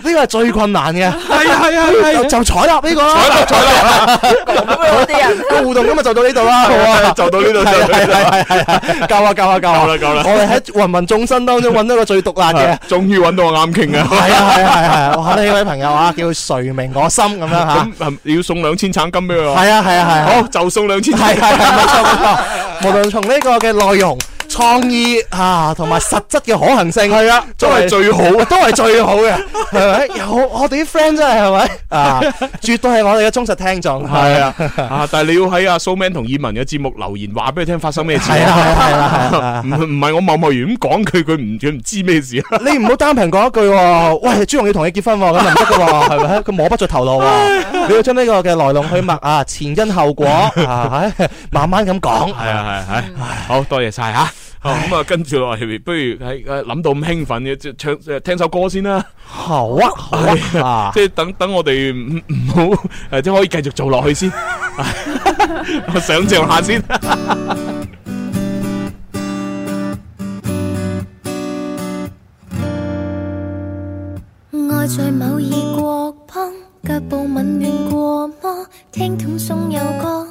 呢個係最困難嘅，係係啊就採納呢個，採納採納。個互動今日就到呢度啦， 就到呢度就，係係係係，夠啦夠啦夠啦！我哋喺芸芸眾生當中揾到個最毒辣嘅，終於揾到個啱傾啊！係啊係啊係啊！呢位、啊啊啊、朋友啊，叫誰明我心咁樣吓？咁、啊嗯、要送兩千橙金俾佢啊！係啊係啊，啊，啊好就送兩千橙金，係係係，冇錯冇錯。無論從呢個嘅內容。創意啊，同埋實質嘅可行性係啊，都係最好，都係最好嘅，係 咪？有我哋啲 friend 真係，係咪啊？絕對係我哋嘅忠實聽眾。係啊，啊, 啊！但係你要喺阿蘇明同葉文嘅節目留言話俾佢聽，發生咩事？係啦係唔係我貿貿然咁講佢，佢唔唔知咩事。 你唔好單憑講一句，啊，喂，朱紅要同你結婚咁唔得嘅，係咪？佢摸不着頭腦。你要將呢個嘅來龍去脈啊，前因後果慢慢咁講。係 啊係係，啊啊啊，好多謝晒，啊、吓。咁啊，跟住落去，不如喺諗、啊啊、到咁興奮嘅，唱、啊、聽首歌先啦。好啊，好啊，哎、啊即係等等我哋唔好即、啊、可以繼續做落去先。 啊、 我想象下先 愛在某異國，碰腳步紊亂過嗎，聽筒總有歌。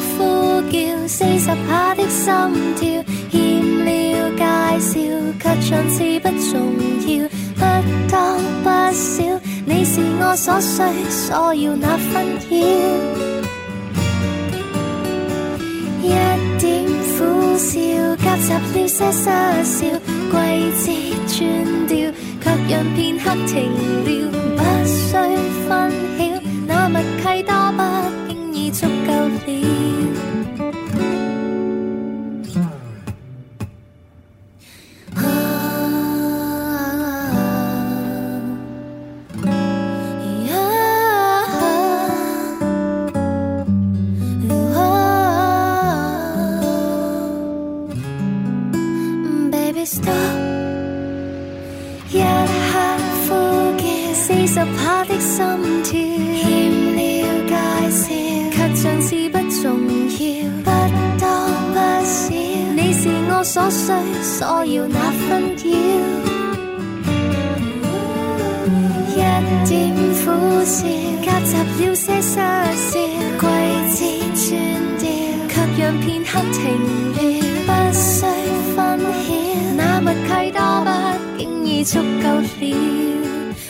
叫四十下的心跳，欠了介紹，卻上次不重要，不多不少，你是我所需所要那分曉。 一點苦笑，夾雜了些失笑，季節轉調，卻讓片刻停了， 不需分曉，那默契多不經意足夠了。十下的心跳，欠了介紹，卻像是不重要。不多不少，你是我所需所要那分秒，嗯嗯嗯嗯。一點苦笑，夾雜了些失笑，季節轉調，卻讓片刻停留。不需分曉，那默契多不經意，足夠了。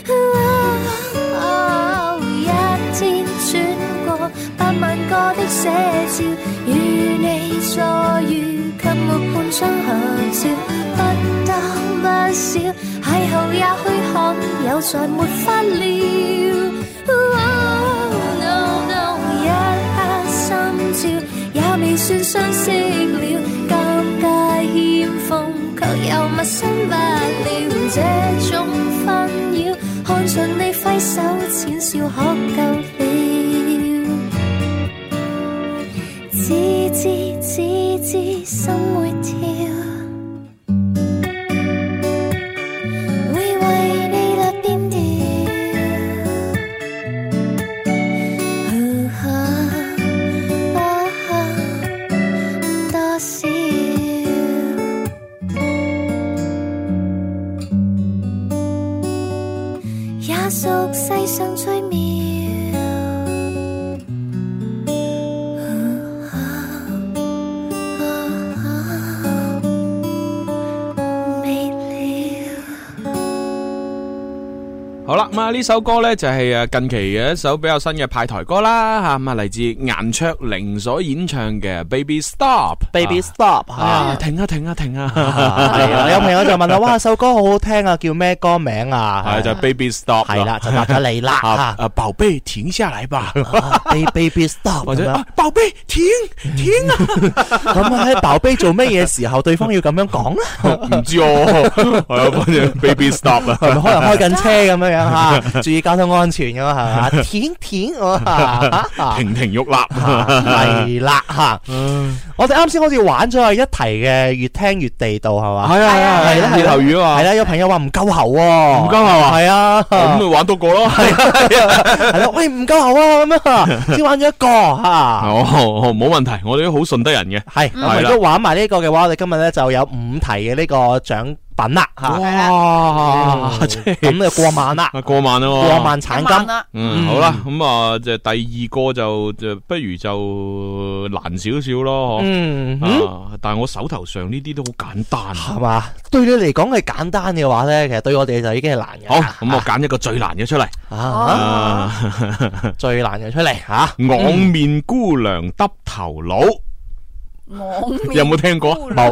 Uh, Oh, 一天轉過百萬個的寫照，與你再遇卻沒半張合照，不多不少，邂逅也許可有再沒法了。Oh, no, no, oh, no, no, 一刻心照也未算相識了，尷尬欠奉卻又陌生不了這種。看著你揮手淺笑，可夠了，只知只知心會跳。咁啊，呢首歌咧就係啊近期嘅一首比較新嘅派台歌啦，吓咁啊嚟自顏卓靈所演唱嘅 Baby Stop，Baby Stop，吓 baby stop,、啊、停啊停啊停啊！停啊停啊啊有朋友就問啦，哇，首歌好好聽啊，叫咩歌名啊？係就是、Baby Stop，係啦、啊，就大家嚟啦吓，啊寶貝，停下嚟吧、啊、Bay,，Baby Stop，寶貝、啊、停停啊！咁、嗯、啊，喺寶貝做咩嘢時候，對方要咁樣講咧？唔 知道我係啊，反正 Baby Stop 啊，係 咪可能開緊車咁樣樣啊？ 注意交通安全噶嘛，係嘛？舔舔，亭亭欲，玉立，係 啦 對了，吓。 我哋啱先好似玩咗係一題嘅，越聽越地道，係嘛？係啊，係啦，粵頭語啊。係啦、啊啊啊啊，有朋友話唔夠喉，唔夠喉係啊係啊，咁咪玩多個咯，係啦、啊。 喂，唔夠喉啊，咁啊，先玩咗一個吓 哦。哦，冇問題，我哋都好順得人嘅。係、啊，係、嗯、啦。都、啊、玩埋呢個嘅話，我哋今日咧就有五題嘅呢個獎萬啦，哇，咁、嗯、就過萬啦，過萬咯、啊，過萬產金啦、嗯，嗯，好啦，咁、嗯、啊，即係第二個就，就不如就難少少咯，嗯，但係我手頭上呢啲都好簡單、啊，係嘛？對你嚟講係簡單嘅話咧，其實對我哋就已經係難嘅，好，咁我揀一個最難嘅出嚟、啊啊，啊，最難嘅出嚟，吓、啊，昂、嗯嗯、面姑娘耷頭腦。昂面姑娘耷頭佬，有冇聽過？冇，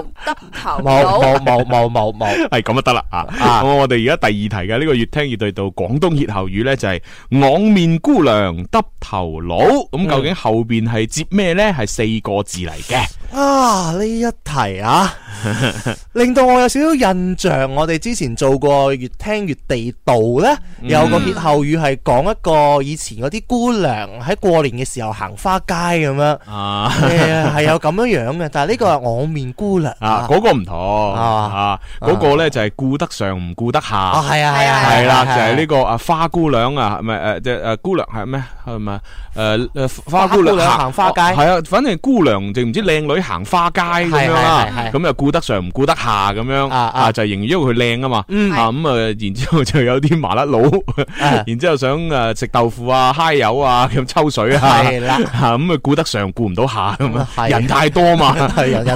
冇，冇，冇。茂茂茂，係咁就得啦啊啊！咁我哋而家第二題嘅呢個越聽越地道廣東歇後語呢，就係昂面姑娘耷頭佬，咁究竟後邊係接咩呢？係四個字嚟嘅啊。呢一題啊，令到我有少少印象，我哋之前做過越聽越地道呢，有個歇後語係講一個以前嗰啲姑娘喺過年嘅時候行花街咁樣啊，係 有咁樣樣。咁但係呢個係我面姑娘啊，嗰、那個唔同。啊，嗰、啊那個咧就係、是、顧得上唔顧得下係、哦、啊係啊係啦、啊啊啊啊啊，就係、是、呢、這個啊花姑娘啊，係誒誒姑娘係咩係咪誒誒花姑娘行花街係啊，啊，啊，反正姑娘就唔知靚女行花街咁、啊、樣啦，咁又顧得上唔顧得下咁樣啊啊，就係因為佢靚啊嘛，咁啊、嗯、啊，然之後，後就有啲麻甩佬，然之後想誒食、呃、豆腐啊、揩油啊、入抽水啊，吓咁啊顧得上顧唔到下咁啊，人太多。係， 人流太，日日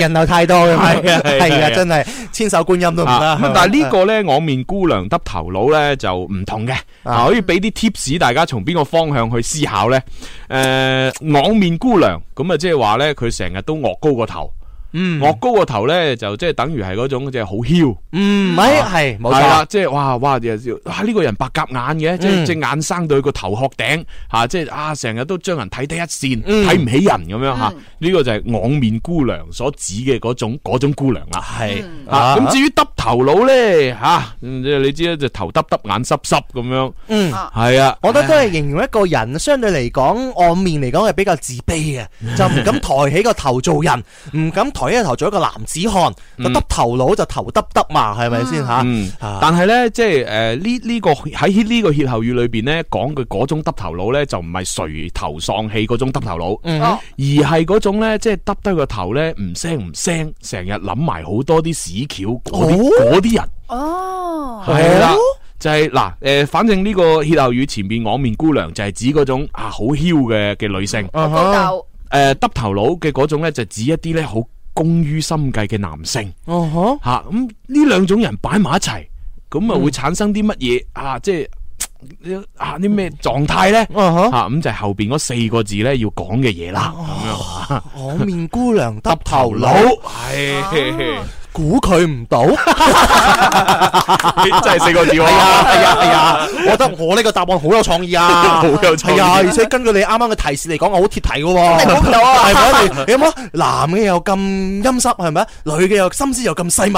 人流太多係係啊，真係千手觀音都唔得、啊。但係、這、呢個咧，昂面姑娘得頭腦咧就唔同嘅，可以俾啲 tips 大家從邊個方向去思考咧。誒、呃，昂面姑娘咁啊，即係話咧，佢成日都昂高個頭。嗯，臥高個頭咧，就即係等於係嗰種即係好囂。嗯，係、啊，係，冇錯啦，即係哇哇，哇呢、這個人白鴿眼嘅、嗯，即係即係眼生到個頭殼頂，吓、啊，即係啊成日都將人睇低一線，睇、嗯、唔起人咁樣吓。呢、啊嗯這個就係昂面姑娘所指嘅種種姑娘啦，係啊。咁至於耷頭腦咧，吓，即係你知啦，就頭耷耷，眼濕濕咁樣。嗯，係啊，啊，啊，啊，、嗯、啊。我覺得都係形容一個人相對嚟講，昂面嚟講係比較自卑嘅，就唔敢抬起個頭做人，唔 敢抬。佢一頭做一個男子漢，得耷頭腦就頭耷耷嘛，係咪先吓？但係咧，即係誒呢呢個喺呢個歇後語裏邊咧，講佢嗰種耷頭腦咧、嗯啊哦哦啊，就唔係垂頭喪氣嗰種耷頭腦，而係嗰種咧，即係耷低個頭咧，唔聲唔聲，成日諗埋好多啲屎橋嗰啲人哦，係啦，就係嗱誒，反正呢個歇後語前邊仰面姑娘就係指嗰種啊好囂嘅嘅女性，老豆誒耷頭腦嘅嗰種咧，就指一啲咧好。工於心計嘅男性，嚇咁呢兩種人擺埋一齊，咁啊會產生啲乜嘢嚇？即係嚇啲咩狀態咧？嚇、啊、咁、啊 uh -huh. 啊嗯、就係、是、後邊嗰四個字咧要講嘅嘢啦。紅、uh -huh. 啊、面姑娘 得頭腦估佢唔到， 真係四個字啊，係啊係 啊，啊，啊，啊，我覺得我呢個答案好有創意啊！係 啊，而且根據你啱啱嘅提示嚟講，我好貼題嘅喎，啊。你估唔到啊？係 咪，有冇男嘅又咁陰濕，係咪啊？女嘅又心思又咁細密，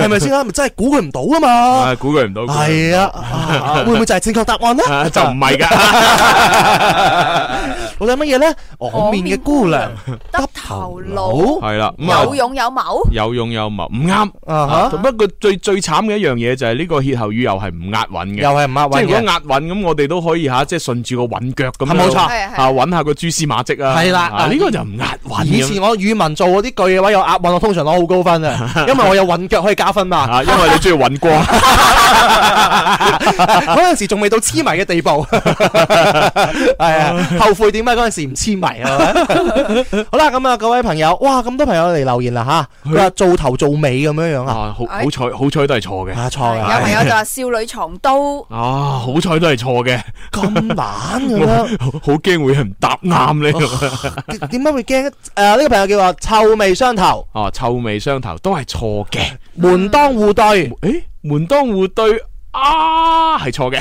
係咪先啊？真係估佢唔到啊嘛！估佢唔到，係啊，啊？會唔會就係正確答案呢？ 就唔係噶。到底乜嘢咧？我面嘅姑娘，耷 頭佬，係啦，啊，有勇有謀，有勇有謀。唔啱啊，啊！吓、啊，不、啊、過、啊啊啊、最最慘嘅一樣嘢就係呢個歇後語又係唔押韻嘅，又係唔押韻。即係如果押韻咁，我哋都可以吓，即係順住個韻腳咁樣。冇錯，吓揾下個蛛絲馬迹啊。係、就、啦、是，呢、啊啊啊啊這個就唔押韻。以前我語文做嗰啲句嘅話，有押韻我通常攞好高分啊，因為我有韻腳可以加分 啊，因為你中意韻光，嗰 陣 時仲未到痴迷嘅地步。係 啊、哎，後悔點解嗰陣時唔痴迷啊！好啦，咁啊，各位朋友，哇，咁多朋友嚟留言啦吓，佢話做頭做尾。你咁樣樣啊？好好彩，好彩都係錯嘅，錯有朋友就話少女藏刀啊，好彩都係錯嘅。咁難 好驚會唔答啱呢、這個？點、啊、解 會驚？誒、啊，呢、這個朋友叫話臭味相投啊，臭味相投都係錯嘅。門當戶對，誒、欸，門當戶對。啊，係錯嘅，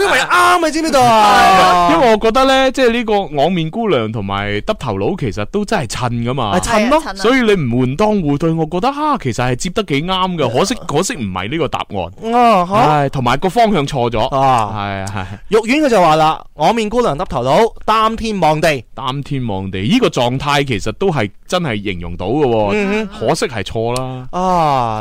因為啱你知唔知道啊，、哎、啊？因為我覺得咧，即係呢、這個昂面姑娘同埋耷頭佬其實都真係襯噶嘛，襯咯，所以你唔門當戶對，我覺得啊，其實係接得幾啱噶，可惜可惜唔係呢個答案，同、啊、埋、啊哎、個方向錯咗，啊係。肉丸佢就話啦，昂面姑娘耷頭佬，擔天望地，擔天望地，呢、這個狀態其實都係真係形容到噶、嗯，可惜係錯啦。啊，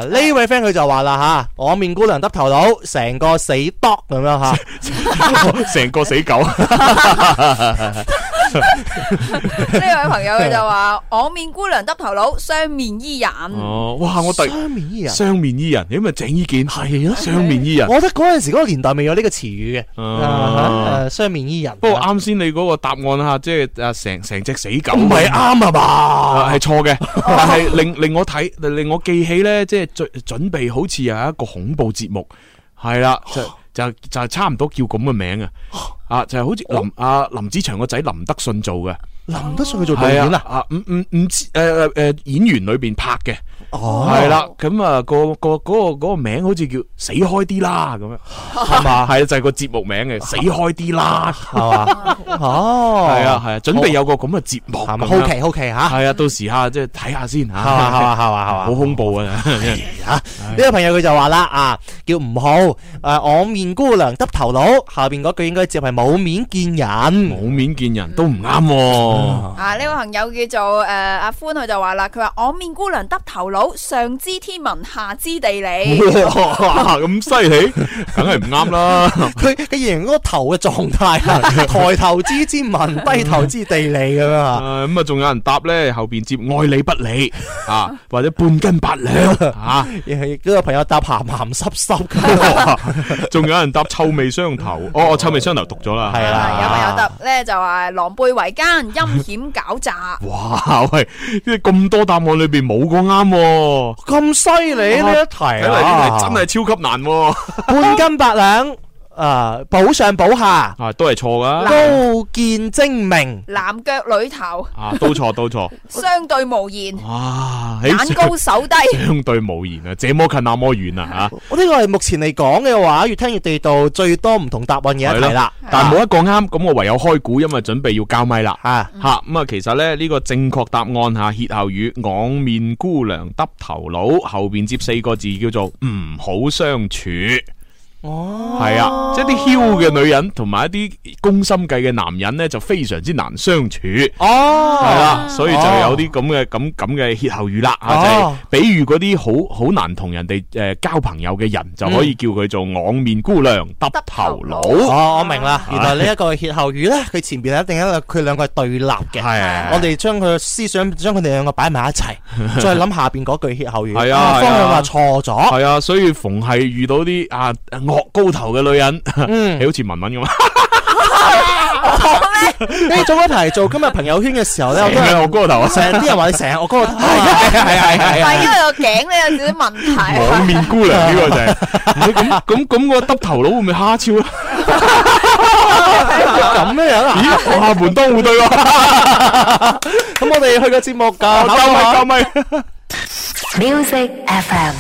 呢、啊、位 friend 佢就話啦吓，昂、啊、面姑娘。耷頭佬，成個死 dog 咁樣吓，成個死狗。呢 死 位朋友佢就話：， 我面姑娘耷頭佬，雙面伊人。哦、呃，哇！我第雙面伊人，雙面伊人，你係咪鄭伊健？係啊，雙面伊人。我覺得嗰陣時嗰個年代未有呢個詞語嘅，誒、呃，雙、呃啊、面伊人。不過啱先你嗰個答案吓，即係誒，成成隻死狗唔係啱啊嘛，係錯嘅。是的 但係令令我睇，令我記起咧，即係準準備，好似有一個恐怖節。木係啦，就就就係差唔多叫咁嘅名 啊，就啊就係好似林啊林子祥個仔林德信做嘅，林德信去做導演啦，啊唔唔唔知誒誒演員裏邊拍嘅。哦，係、那、啦、個，咁、那、啊、個，個個嗰個個名好似叫死開啲啦，咁樣係嘛，係就係個節目名嘅，死開啲啦，係嘛，哦，係 啊，係、就、啊、是 是吧， 準備有個咁嘅節目、哦，好奇好奇吓，係啊，到時下，即係睇下先吓，係 嘛、啊，係是嘛，係嘛，好恐怖啊吓、 哎，呢、哎哎這個朋友佢就話啦啊，叫吳浩」啊。誒，我面姑娘得頭腦，下邊嗰句應該接係冇面見人，冇面見人都唔啱，嗯、啊，啊，呢、這個朋友叫做誒阿歡，佢、啊啊、就話啦，佢話我面姑娘得頭腦。好上知天文下知地理，哇咁犀利，梗係唔啱啦！佢佢贏嗰個頭嘅狀態啊，抬頭知天文，低頭知地理咁啊！咁啊，仲有人答咧，後邊接愛理不理啊，或者半斤八兩啊！亦係嗰個朋友答咸咸濕濕嘅，仲有人答臭味相投。哦，臭味相投讀咗啦，係啦。有朋友答咧，就話狼狽為奸、陰險狡詐。哇喂，即係咁多答案裏邊冇個啱。哦，咁犀利呢一題啊！睇嚟、啊、呢題真係超級難、啊啊，半斤八兩。 啊，補上補下，啊，都係錯噶。高見精明，男腳女頭，啊，都錯都錯。相對無言，啊，眼高手低相，相對無言啊，這麼近那麼遠啊，吓、啊。我呢個係目前嚟講嘅話，越聽越地道，最多唔同答案嘅一題啦。但係冇一個啱，咁我唯有開估，因為準備要交咪啦。啊，吓、啊，咁、嗯、啊，其實咧呢、這個正確答案吓歇後語，昂面姑娘耷頭佬，後邊接四個字叫做唔好相處。哦，係啊，即係啲囂嘅女人同埋一啲攻心計嘅男人呢，就非常之難相處。哦，係啦、啊，所以就有啲咁嘅咁咁嘅歇後語啦。哦、啊就係、比喻嗰啲好好難同人哋誒交朋友嘅人，就可以叫佢做昂面姑娘耷、嗯、頭佬」。哦，我明啦，原來呢一個歇後語呢，佢 前邊一定一個佢兩個係對立嘅。係， 我哋將佢思想將佢哋兩個擺埋一齊， 再諗下邊嗰句歇後語。係 啊，方向話錯咗。係啊，所以逢係遇到啲啊。鶴高頭嘅女人，嗯，好似文文咁我學咩？你、嗯、做一題做今日朋友圈嘅時候咧，成日鶴高頭啊！成日啲人話你成日我高頭啊！系系系系，因為個頸咧有少少問題、啊。兩面姑娘呢個就係，唔好咁咁咁個耷頭佬會唔會吓超你咁咩啊？咦！哇、啊，門當戶對喎！咁我哋去個節目噶，夠未？夠未？Music FM。